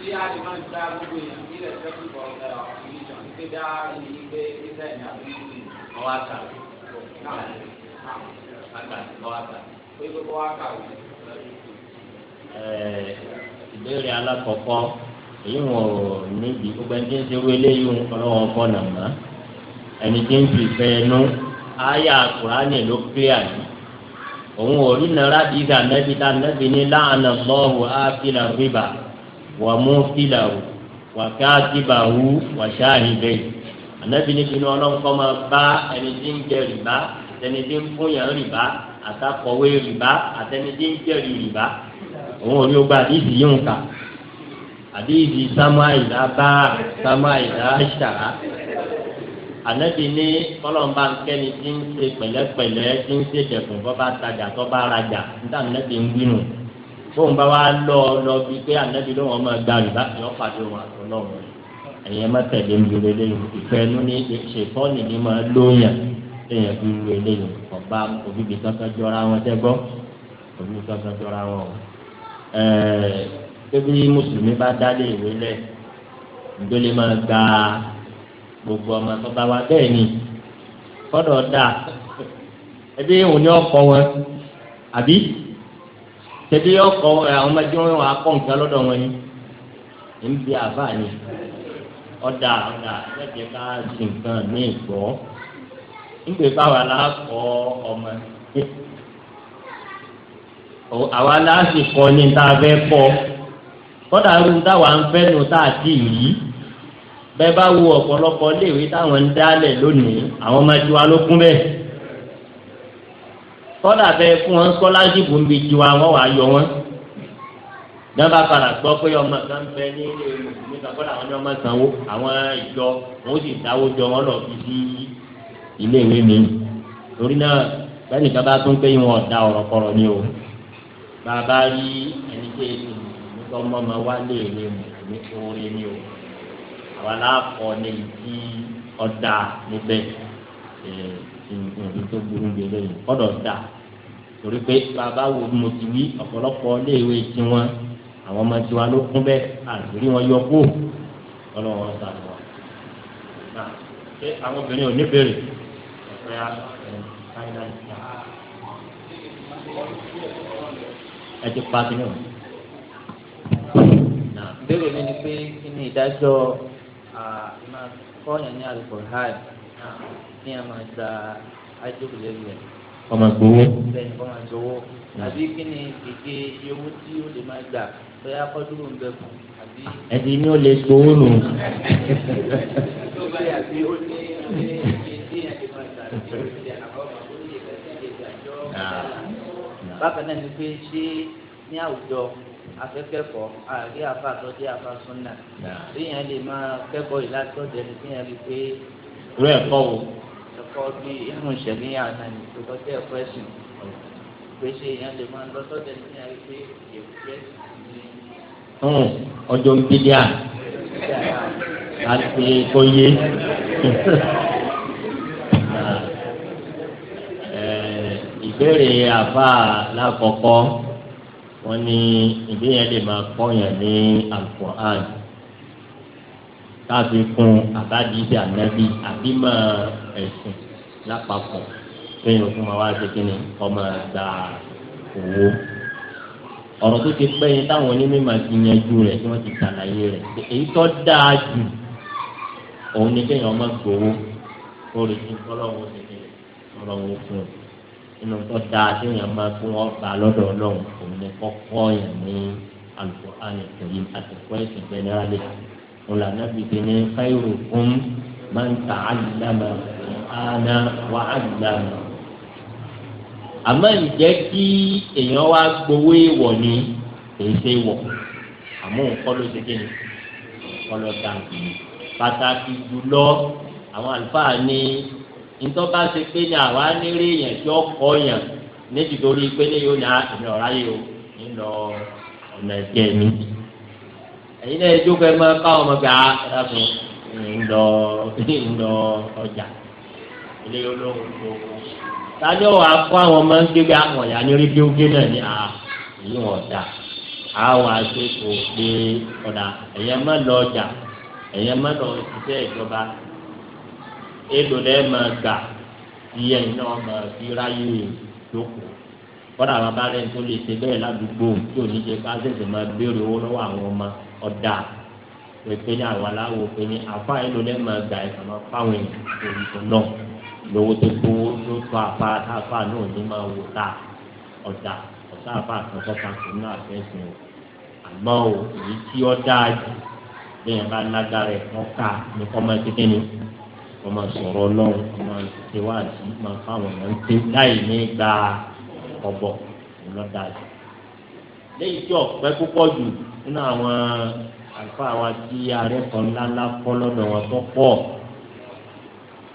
tí a lè máa gba gbogbo èèyàn ní respective of the religion pé dá ní pé ìfẹ́ ní àbúrò ọwọ́ àgbà àgbà ọwọ́ àgbà pé gbogbo wa kà wọ́n. ìbéèrè alákọ̀ọ́kọ́ èyí wọn ò níbi gbogbo ẹni tí ń eléyìí ń fọ́ nàmá ẹni tí ń fi ìfẹ́ ẹnu àyà àkùránì ló kílíà yìí òun ò rí bí ìgbà wà muftilahu wà katibahu wà shahidihi ànábì níbi ní ọlọ́nkọ́ máa bá ẹni tí ń jẹ rìbá àtẹni tí ń fúnyàn rìbá àtàkọ̀wé rìbá àtẹni tí ń jẹ̀rì rìbá òun ò ní o gba àdìsí yóò kà àdìsí samuaida bá samuaida ṣàrà ànábì ní kọlọ́mbà kẹ́ni tí ń ṣe pẹ̀lẹ́pẹ̀lẹ́ tí ń ṣe dẹ̀kùn bọ́ bá tajà tó bá rajà níta ànábì ń gbinu fóun bá wa lọ lọ bí pé ànábi ló wọn máa gba rìbá yọ pàdé wọn àtọ lọrùn ẹyẹ má tẹlẹ ń bèrè lẹ́yìn ìfẹ́ inú ní ṣètọ nìyí máa lóyàn lẹ́yìn bí lu eléyìí ọba òbíbi kankan jọra wọn tẹgbọ òbíbi kankan jọra wọn o ẹẹ tóbi mùsùlùmí bá dálé ìwé lẹ ǹdọ́lé máa gba gbogbo ọmọ tó bá wa bẹ́ẹ̀ ni kọ́dọ̀ dà ẹbí òun ọkọ wọn àbí tẹbi ọkọ àwọn ọmọdé wọn wà kọ nǹkan lọ́dọ̀ wọn ni ń àbá ni ọdà ọdà lẹjẹ ká sì nǹkan mí gbọ́ nígbè báwa la kọ ọmọ àwa la sì kọ ní ta fẹ́ kọ kódà irú táwa ń fẹ́ nu tá a ti yìí bẹ́ẹ̀ bá wo ọ̀pọ̀lọpọ̀ léèwé táwọn ń dálẹ̀ lónìí àwọn ọmọdé wa ló kún bẹ́ẹ̀ kọ́dà fẹ́ fún wọn scholarship ń bi tiwa wọn wà yọ wọn dábàá padà gbọ́ pé ọmọ kan bẹ ní ilé mùsùlùmí kan kọ́dà wọn ní ọmọ sanwó àwọn ìjọ wọn ó sì dáwó jọ wọn lọ fi sí ilé mi torí náà bẹ́ẹ̀ nìkan bá tún pé ìwọ̀n ọ̀dà ọ̀rọ̀ kọ̀rọ̀ ni o bàbá rí ẹni tí èmi nígbà ọmọ ọmọ wa lé ilé mùsùlùmí oore ni o àwọn aláàfọ nǹkan tó burú bí eléyìí kọ́dọ̀ dà torí pé bàbá wo mo ti wí ọ̀pọ̀lọpọ̀ iléèwé tiwọn àwọn ọmọ tiwa ló kún bẹ́ẹ̀ àṣírí wọn yọ kó ọlọ́run wọn sàlù wọn. ṣé àwọn obìnrin ò ní bèrè ọ̀pẹ́ ẹ ti pa kí ni o. ìbéèrè mi ni pé kí ni ìdájọ́ kọ́ọ̀yàn ní alukóhálì kí a máa gba ájókòó lẹ́nu ẹ̀. ọmọ gbowó. bẹ́ẹ̀ni ọmọ gbowó àbí kí ni gègé iye owó tí ó lè máa gbà bóyá kọ́dúró ń bẹ fún àbí. ẹni ní o lè gbowó nù. tó bá yà sí ó ní bákan náà ni pé ṣé ní àwùjọ afẹ́kẹ́kọ̀ọ́ àrí àfàtọ́jú àfàsúnà ah. bí yẹn lè máa kẹ́kọ̀ọ́ ìlàsọ̀dẹ̀ ni bí yẹn rí pé. rẹ̀ kọ́ wo ẹ̀kọ́ bíi inú ìṣẹ̀lẹ̀ yà náà ní ìṣòro tẹ́ ẹ̀kọ́ ẹ̀sìn pé ṣe èèyàn lè máa lọ sọ́dẹ̀ ní àyè pé èkúrẹ́ ní. Hmm, ọjọ́ ń bílí à àti kóyé <laughs> eh, ìbéèrè àfa lákọ̀ọ́kọ́ wọ́n ni ìbéèrè lè máa kọ́yàn ní Al-Qur'an káàfi kún àbádìísí ànábì àbí máa ẹ̀sìn lápapọ̀ kéèyàn fún ma wá ṣe kí ni ọmọ àgbà owó ọ̀rọ̀ tó ti pẹ́ yẹn táwọn onímọ̀ ti yanjú rẹ̀ tí wọ́n ti ṣàlàyé rẹ̀ èyí tó dáa jù òun ni kéèyàn ọmọ gbowó lórí tí ọlọ́run ti fi ọlọ́run fún un inú tó dáa tí èèyàn máa fún ọgbà lọ́dọ̀ ọlọ́run òun ni kọ́kọ́ yẹn ní alùpùpù àná ìtòyí àti pẹ́ẹ́sì jẹ́nẹ́rálì ọ̀là nàbì ti ní khairukum man ta'allama al-Qur'ana wa 'allama. àmọ́ ìjẹ́ kí èèyàn wá gbowó ìwọ̀ ni èyí ṣe wọ̀ àmọ́ nǹkan ló ṣe kéde nǹkan ló dà nìyí. pàtàkì jùlọ àwọn àlùfáà ní ntọ́ bá ṣe pé ní àwa ẹ̀yin náà ẹjọ́ kẹ́ máa káwọn ọmọ gbà ah, ẹ̀dá fún ńlọ ńlọ ọjà ilé olóhùn gbogbo. tani ọ̀ akọ àwọn ọmọ ń gbé ah, bí àwọn ọ̀yà ní rédíò gé náà ní à ah, èyí wọn dà á wà sí òkè ọ̀dà ẹ̀yẹ má lọ ọjà ẹ̀yẹ má lọ ṣiṣẹ́ ìjọba èlò lẹ́ẹ̀ máa gbà iye náà máa fi ráyè lóko kọ́dà bàbá rẹ̀ tó lè ṣe bẹ́ẹ̀ ládùúgbò tí ò ní ṣe ká ṣẹ̀ṣẹ̀ máa béèrè owó lọ́wọ́ àwọn ọmọ ọ̀dà pèpè ní àwọn aláwọ̀ pé ní àfa ìlú lẹ́ẹ̀ máa gbà ẹ̀ka máa fáwọn èèyàn òyìnbó náà lówó tó gbówó ló tó àfa àfa náà ní máa wò ká ọ̀dà ọ̀sá àfa àtọ̀tọ̀ta kò ní àfẹ́sìn o àmọ́ o èyí tí ó dáa jù bẹ́ẹ̀ bá lágbára ẹ̀kọ́ ká ní kọ́ máa ti kíni wọ́n máa sọ̀rọ̀ ọlọ́run wọ́n máa ṣe wáàsí máa fáwọn èèyàn láì ní gba ọ̀bọ̀ ìlọ́dà jù lẹ́yìn tí ọ̀pẹ́ púpọ̀ jù nínú àwọn àlùfáà wa tí ààrẹ kan ńláńlá kọ́ lọ́dọ̀ wọn tó pọ̀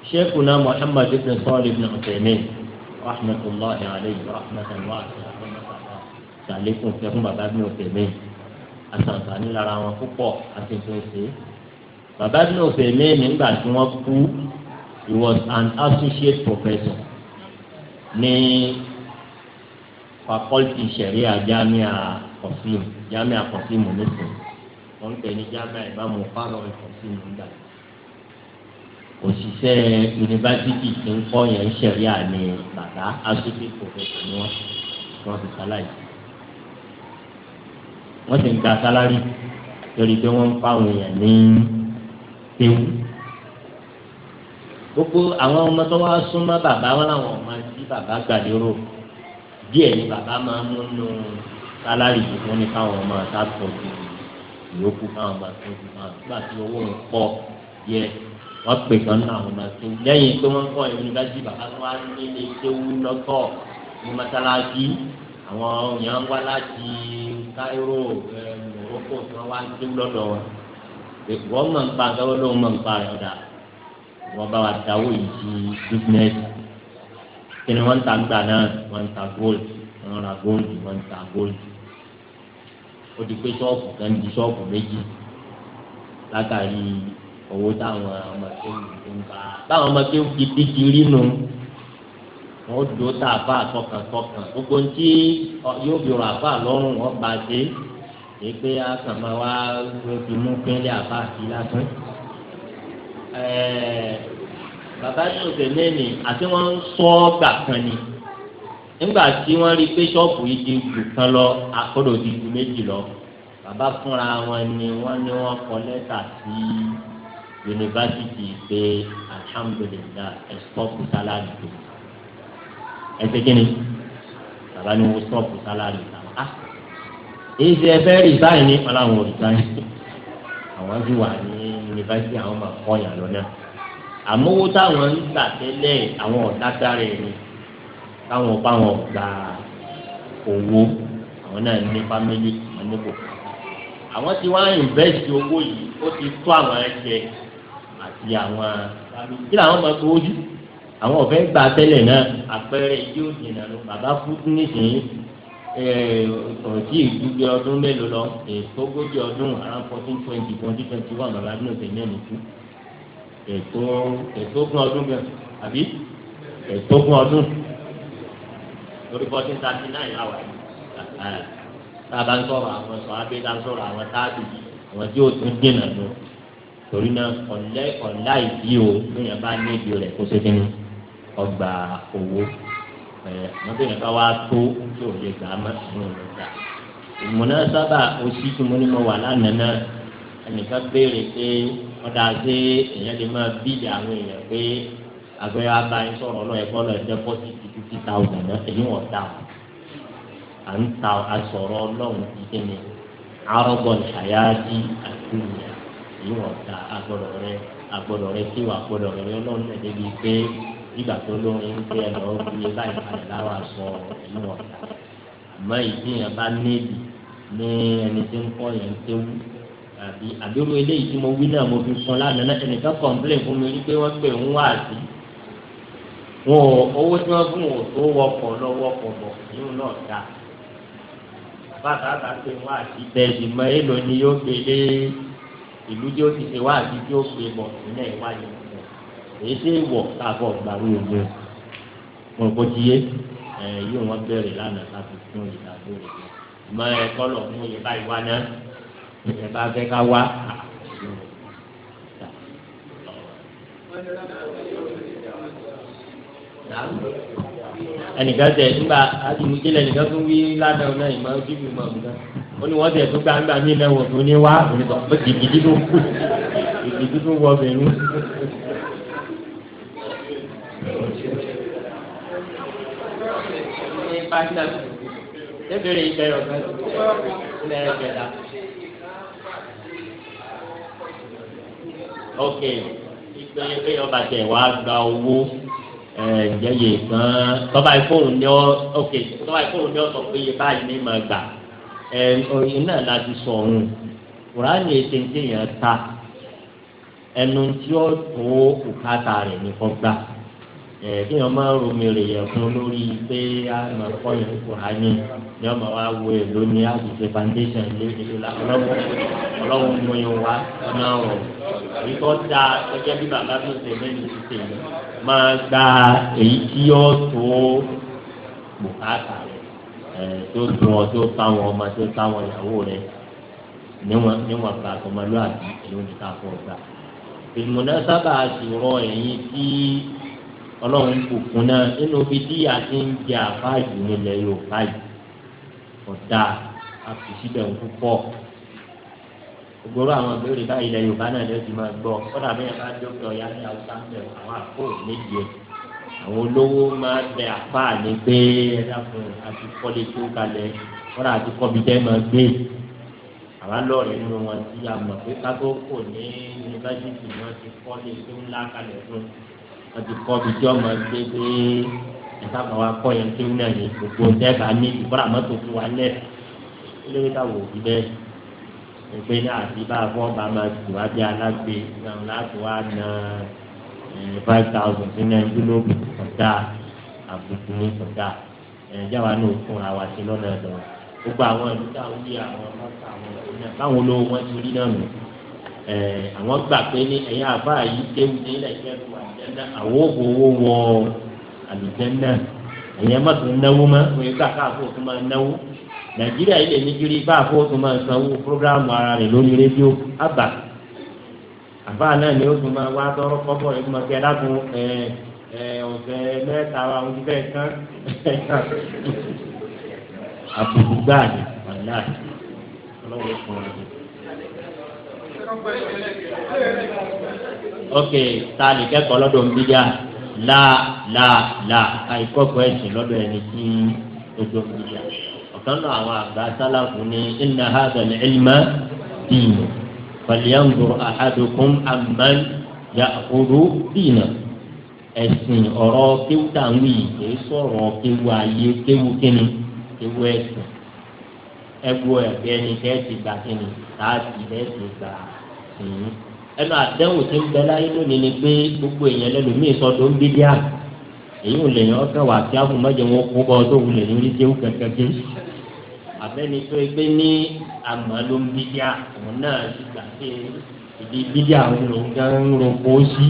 Sheikhuna Muhammad ibn Salih ibn Uthaymeen rahmatullahi alayhi rahmatan wa sàlékún fẹ́ fún bàbá mi Uthaymeen àtàǹfààní lára wọn púpọ̀ àti tó ń ṣe bàbá mi Uthaymeen nígbà tí wọ́n kú he was an associate professor ní fakọ́lítì sẹ̀ríà jámíà kọ̀símù jámíà kọ̀símù nísìn wọ́n ń pè ní jámíà ìbámu fárọ̀ kọ̀símù ńgbà. òṣìṣẹ́ yunifásitì ti ń kọ́ yẹn sẹ̀ríà ní bàbá asúbí pòfẹ́sì ni wọ́n wọ́n ti sáláyì. wọ́n sì ń gba sálárì lórí pé wọ́n ń fáwọn èèyàn ní tẹ́wù. gbogbo àwọn ọmọ tó wá súnmọ́ bàbá wọn làwọn ọmọ tí bàbá gbàdérò díẹ̀ ni bàbá máa mú nù sálárì yìí wọ́n ní káwọn ọmọ àtàkùn ti ìyókù káwọn máa tó ti máa nígbà tí owó ń pọ̀ díẹ̀ wọ́n pè kan náà àwọn máa tó lẹ́yìn pé wọ́n kọ́ yunifásitì bàbá tó wá nílé tẹ́wú lọ́tọ̀ ní mọ́sálásí àwọn èèyàn wá láti Cairo eh, Morocco tí wọ́n wá tẹ́wú lọ́dọ̀ wọn wọ́n mọ̀ nípa gbọ́dọ̀ mọ̀ nípa rẹ̀ ọ̀dà wọ́n bá wa dáwọ́ yìí business kí ni wọ́n ń ta gbà náà wọ́n ta gold wọ́n ra gold wọ́n ta gold ó di pé ṣọ́ọ̀bù kan di ṣọ́ọ̀bù méjì látàrí owó táwọn ọmọ kéwù tó ń bá táwọn ọmọ kéwù gidi ti rí nu wọn dò tá a bá tọkàntọkàn gbogbo ń tí yóò fi rà bá lọ́rùn wọn bá dé èyí pé a kàn máa wá fi mú pínlẹ̀ àbá àti lásán bàbá tó tẹ̀lé ni àti wọ́n sọ ọgbà kan ni nígbà tí wọ́n rí pé ṣọ́ọ̀bù yìí ti jù kan lọ àkọ́dọ̀ ti ju méjì lọ bàbá fúnra wọn ni wọ́n ní wọ́n kọ lẹ́tà sí yunifásitì pé alhamdulilayi ẹ sọ́ọ̀bù sálárì tó ẹ ṣe kí bàbá ni wọ́n sọ́ọ̀bù sálárì tó ìṣe ah, ẹ fẹ́ rí báyìí ní ọ̀làwọ̀n òrìṣà yìí àwọn sì wà ní yunifásitì àwọn máa kọ́ yàn lọ náà àmówó táwọn ń gbà tẹ́lẹ̀ àwọn ọ̀dáta rẹ̀ ni táwọn ọ̀pá wọn gba owó àwọn náà ní fámílì àwọn nípò àwọn tí wọ́n á invest owó yìí ó ti tó àwọn ẹ̀jẹ̀ àti àwọn kí làwọn máa tó ojú àwọn ọ̀fẹ́ gba tẹ́lẹ̀ náà àpẹẹrẹ ìdí òdì náà ló bàbá fún nísìnyí eh, ọ̀tí ìdúgbò ọdún mélòó lọ ètò ogójì ọdún around fourteen twenty twenty twenty one bàbá nínú ìpínlẹ̀ nìkú ètò ètò ogún ọdún gan àbí ètò ogún ọdún lórí bọ́dí thirty nine láwàá yìí tá a bá ń sọ̀rọ̀ àwọn sọ̀rọ̀ abẹ́ tá a ń sọ̀rọ̀ àwọn táàbì àwọn tí ó tún dènà lọ torí náà ọ̀lẹ́ ọ̀lá ìdí o lóyún bá ní ìdí rẹ̀ kó ṣe kí ni ọgbà owó wọn bẹ̀rẹ̀ ká wá tó tí ò lè gbà á mọ́ ìmọ̀ ìgbà ìmọ̀ sábà oṣù tí mo ní mo wà lánàá náà ẹnìkan béèrè pé ọ̀dà ṣe èèyàn lè máa bíìlì àwọn èèyàn pé àgbẹ̀ abayín sọ̀rọ̀ náà ẹ̀kọ́ náà dẹ́pọ́sìtì fifty thousand náà èyí wọ̀n ta à ń ta àsọ̀rọ̀ ọlọ́run dídé ni arọ́gbọ̀n ṣàyáàjì àtúnyà èyí wọ̀n ta agbọ́dọ̀ rẹ agbọ́dọ̀ rẹ kí wà agbọ́dọ̀ rẹ ọlọ́run ẹ̀ débi pé nígbà tó lóyún ń gbé ẹ lọ bí ẹ báyìí kalẹ̀ láwọn aṣọ àbí àbírú eléyìí tí mo wí náà mo fi fún lánàá ẹnìkan kọ̀ǹpilẹ̀ fún mi wípé wọ́n pè ń wá sí wọn ò owó tí wọ́n fún wọn tó wọkọ̀ lọ bọ̀ nínú náà dá bàtà àtà ń wá sí bẹ́ẹ̀ni mọ èèlò ni yóò gbé lé ìlú tí ó ti ṣe wá àbí tí ó gbé bọ̀ nílẹ̀ ìwádìí èyí tí wọ̀ káàbọ̀ gbàrú ògbó wọn kò ti yé ẹ yóò wọn bẹ̀rẹ̀ lánàá láti fún ìdádó ẹ bá fẹ́ ká wá. ẹnìkan tẹ nígbà àtìmíkélé ẹnìkan tún wí ládàá ọ̀nà ìmọ̀ ojúbì mọ̀ ọ̀gá ó ní wọ́n tẹ̀ tó gbangba mí lẹ́wọ̀ tó ní wá ònìkan ó ti gidi tó kú gidi tó wọ bẹ̀rù. ní pàṣẹ ìbẹ̀rẹ̀ ọ̀gá ilẹ̀ ẹ̀gbẹ̀dá. ok ìgbẹ́yẹ pé ọba tẹ̀ wá gba owó ẹ̀ẹ́dẹ́yẹ kan tọ́ba ìfóònù ni ọ ok tọ́ba ìfóònù ni ọ sọ pé báyìí ní ma gbà ẹ̀ oyin náà la ti sọ ọ̀hún kùránì ètè ń tẹ̀yàn ta ẹnu tí ó tó òkúta rẹ̀ ní kọ́gbà kí wọn máa romi yẹ fún lórí pé àmà kọyìn kùránì ni wọn máa wá wo èlò ní àdìsẹ foundation lé ìlú lọ́wọ́ ọlọ́wọ́ mọyìn wá ọ̀nà ọ̀rọ̀ èyí tó da gẹ́gẹ́ bí bàbá tó ṣe lẹ́yìn ti ṣe yìí máa gba èyí tí yóò tó bùkátà rẹ̀ ẹ̀ tó dùn ọ tó táwọn ọmọ tó táwọn ìyàwó rẹ̀ níwọ̀n níwọ̀n gba ọmọlúwàbí èyí ń ta fún ọgbà. ìmùnà sábà sì rọ ẹ̀yìn tí ọlọ́run kò fún náà nínú ibi tí a ń jẹ àfáàjù nílẹ̀ Yorùbá yìí ọ̀dà àfìsíbẹ̀ ń púpọ̀ gbogbo àwọn ìbéèrè báyìí ilẹ̀ yorùbá náà lè ti máa gbọ́ kọ́dà bẹ́ẹ̀ bá dókítà ọ̀yá ní haúsá ń bẹ̀ àwọn àpò méje àwọn olówó máa bẹ àpá ní pé ẹ̀dá fún àti kọ́lé tó kalẹ̀ kọ́dà àti kọ́bi tẹ́ máa gbé àwa lọ́ọ̀rẹ́ nínú wọn tí a mọ̀ pé kákó kò ní yunifásitì wọn ti kọ́lé tó ńlá kalẹ̀ fún wọn ti kọ́bi tí wọ́n máa gbé pé ẹ̀ka kan wa kọ́ yẹn tó náà ní gbogbo tẹ́ bá ìbúra mọ́tò fún wa lẹ́ẹ̀ pé náà àti bá a fọ́ bá máa tù wá bí alágbe náà láti wá na five thousand sí náà gílóòbù kọ̀dá àbùkù ní kọ̀dá ẹ̀ẹ́dẹ́wà náà fúnra wa sí lọ́nà ẹ̀dọ̀ gbogbo àwọn ìlú táwọn yí àwọn mọ́tà àwọn ìlú báwọn olówó wọn ti rí náà nù àwọn gbà pé ní ẹ̀yà àbá yìí kéwù ní ilẹ̀ ìjẹ́rù àjẹ́nà àwọn òwò wọ àlùjẹ́nà ẹ̀yẹ mọ́tò náwó mọ́ òye káàkiri àbò tó máa náwó nàìjíríà ilẹ̀ níjírí bá àfọwọ́sùn máa sanwó programu ara rẹ̀ lórí rédíò àbà àbá náà ni ó tún máa wá tọrọ kọ́kọ́ rẹ̀ kúmọ̀ sí adágún ọ̀sẹ̀ mẹ́ta wa ń bẹ́ẹ̀ tán <laughs> àbùkù gbáà ni wàlá ọlọ́wọ́ fún wa. ok ta lè kẹ́kọ̀ọ́ lọ́dọ̀ ń bíyà láà láà láà ẹ̀sìn lọ́dọ̀ ẹni tí ó gbọ́ bíyà ọ̀kan náà àwọn àgbà sálàkù ní inna hadha al-ilma dinu falyanzur ahadukum amman ya'khudhu dina ẹ̀sìn ọ̀rọ̀ kéwù táwọn yìí kì í sọ̀rọ̀ kéwù ayé kéwù kíni kéwù ẹ̀sìn ẹ̀wù ẹ̀bí ẹni tẹ́ẹ̀sì gbà kíni táàtì tẹ́ẹ̀sì gbà kíni. ẹnu àdéhùn tí ń bẹ láyé lónìí ni pé gbogbo èèyàn lẹ́nu mí sọ́dọ̀ ń bí èyí ò lè yàn ọ́ kẹwàá kí á wọn kó bọ́ tó wulẹ̀ lórí kéwù kẹ̀kẹ́ kéwù lẹ́ni tó ẹgbẹ́ ní àmọ́ ló ń bídíà òun náà ti gbà pé ìdí bídíà òun ló ń gán ń ro pósí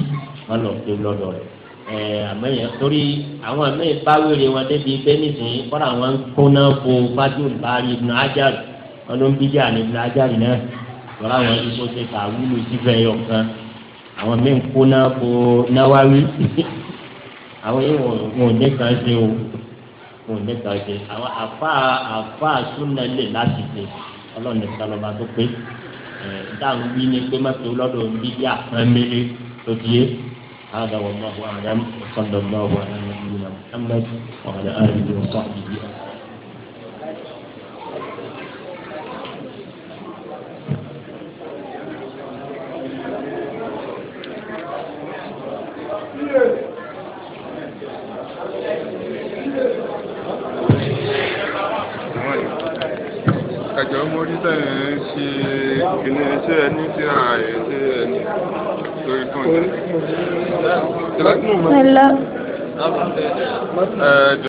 wọn lọ pé lọ́dọ̀ rẹ̀ ẹ àmọ́ yẹn torí àwọn àmì ìbáwéré wọn débi bẹ́ẹ̀ nísìnyí kọ́ra àwọn kóná bo fájúùn báyìí ibùdó ajáre wọn ló ń bídíà ní ibùdó ajáre náà kọ́ra àwọn ibi tó ṣe kà wúlò sífẹ̀ yọ àwọn mí kóná bo náwáwí <laughs> àwọn yìí wọn ò ní kan ṣe o fún mẹ́ta ṣe àwọn àfa àfa súnà lè láti ṣe ọlọ́run ní sálọ́ba tó pé ẹ̀ dáhùn bí ni pé mọ́tò lọ́dọ̀ bí bí àpẹ́mẹ́lẹ́ tó ti yé هذا والله أعلم وصلى الله على نبينا محمد وعلى آله وصحبه أجمعين tẹ̀ ń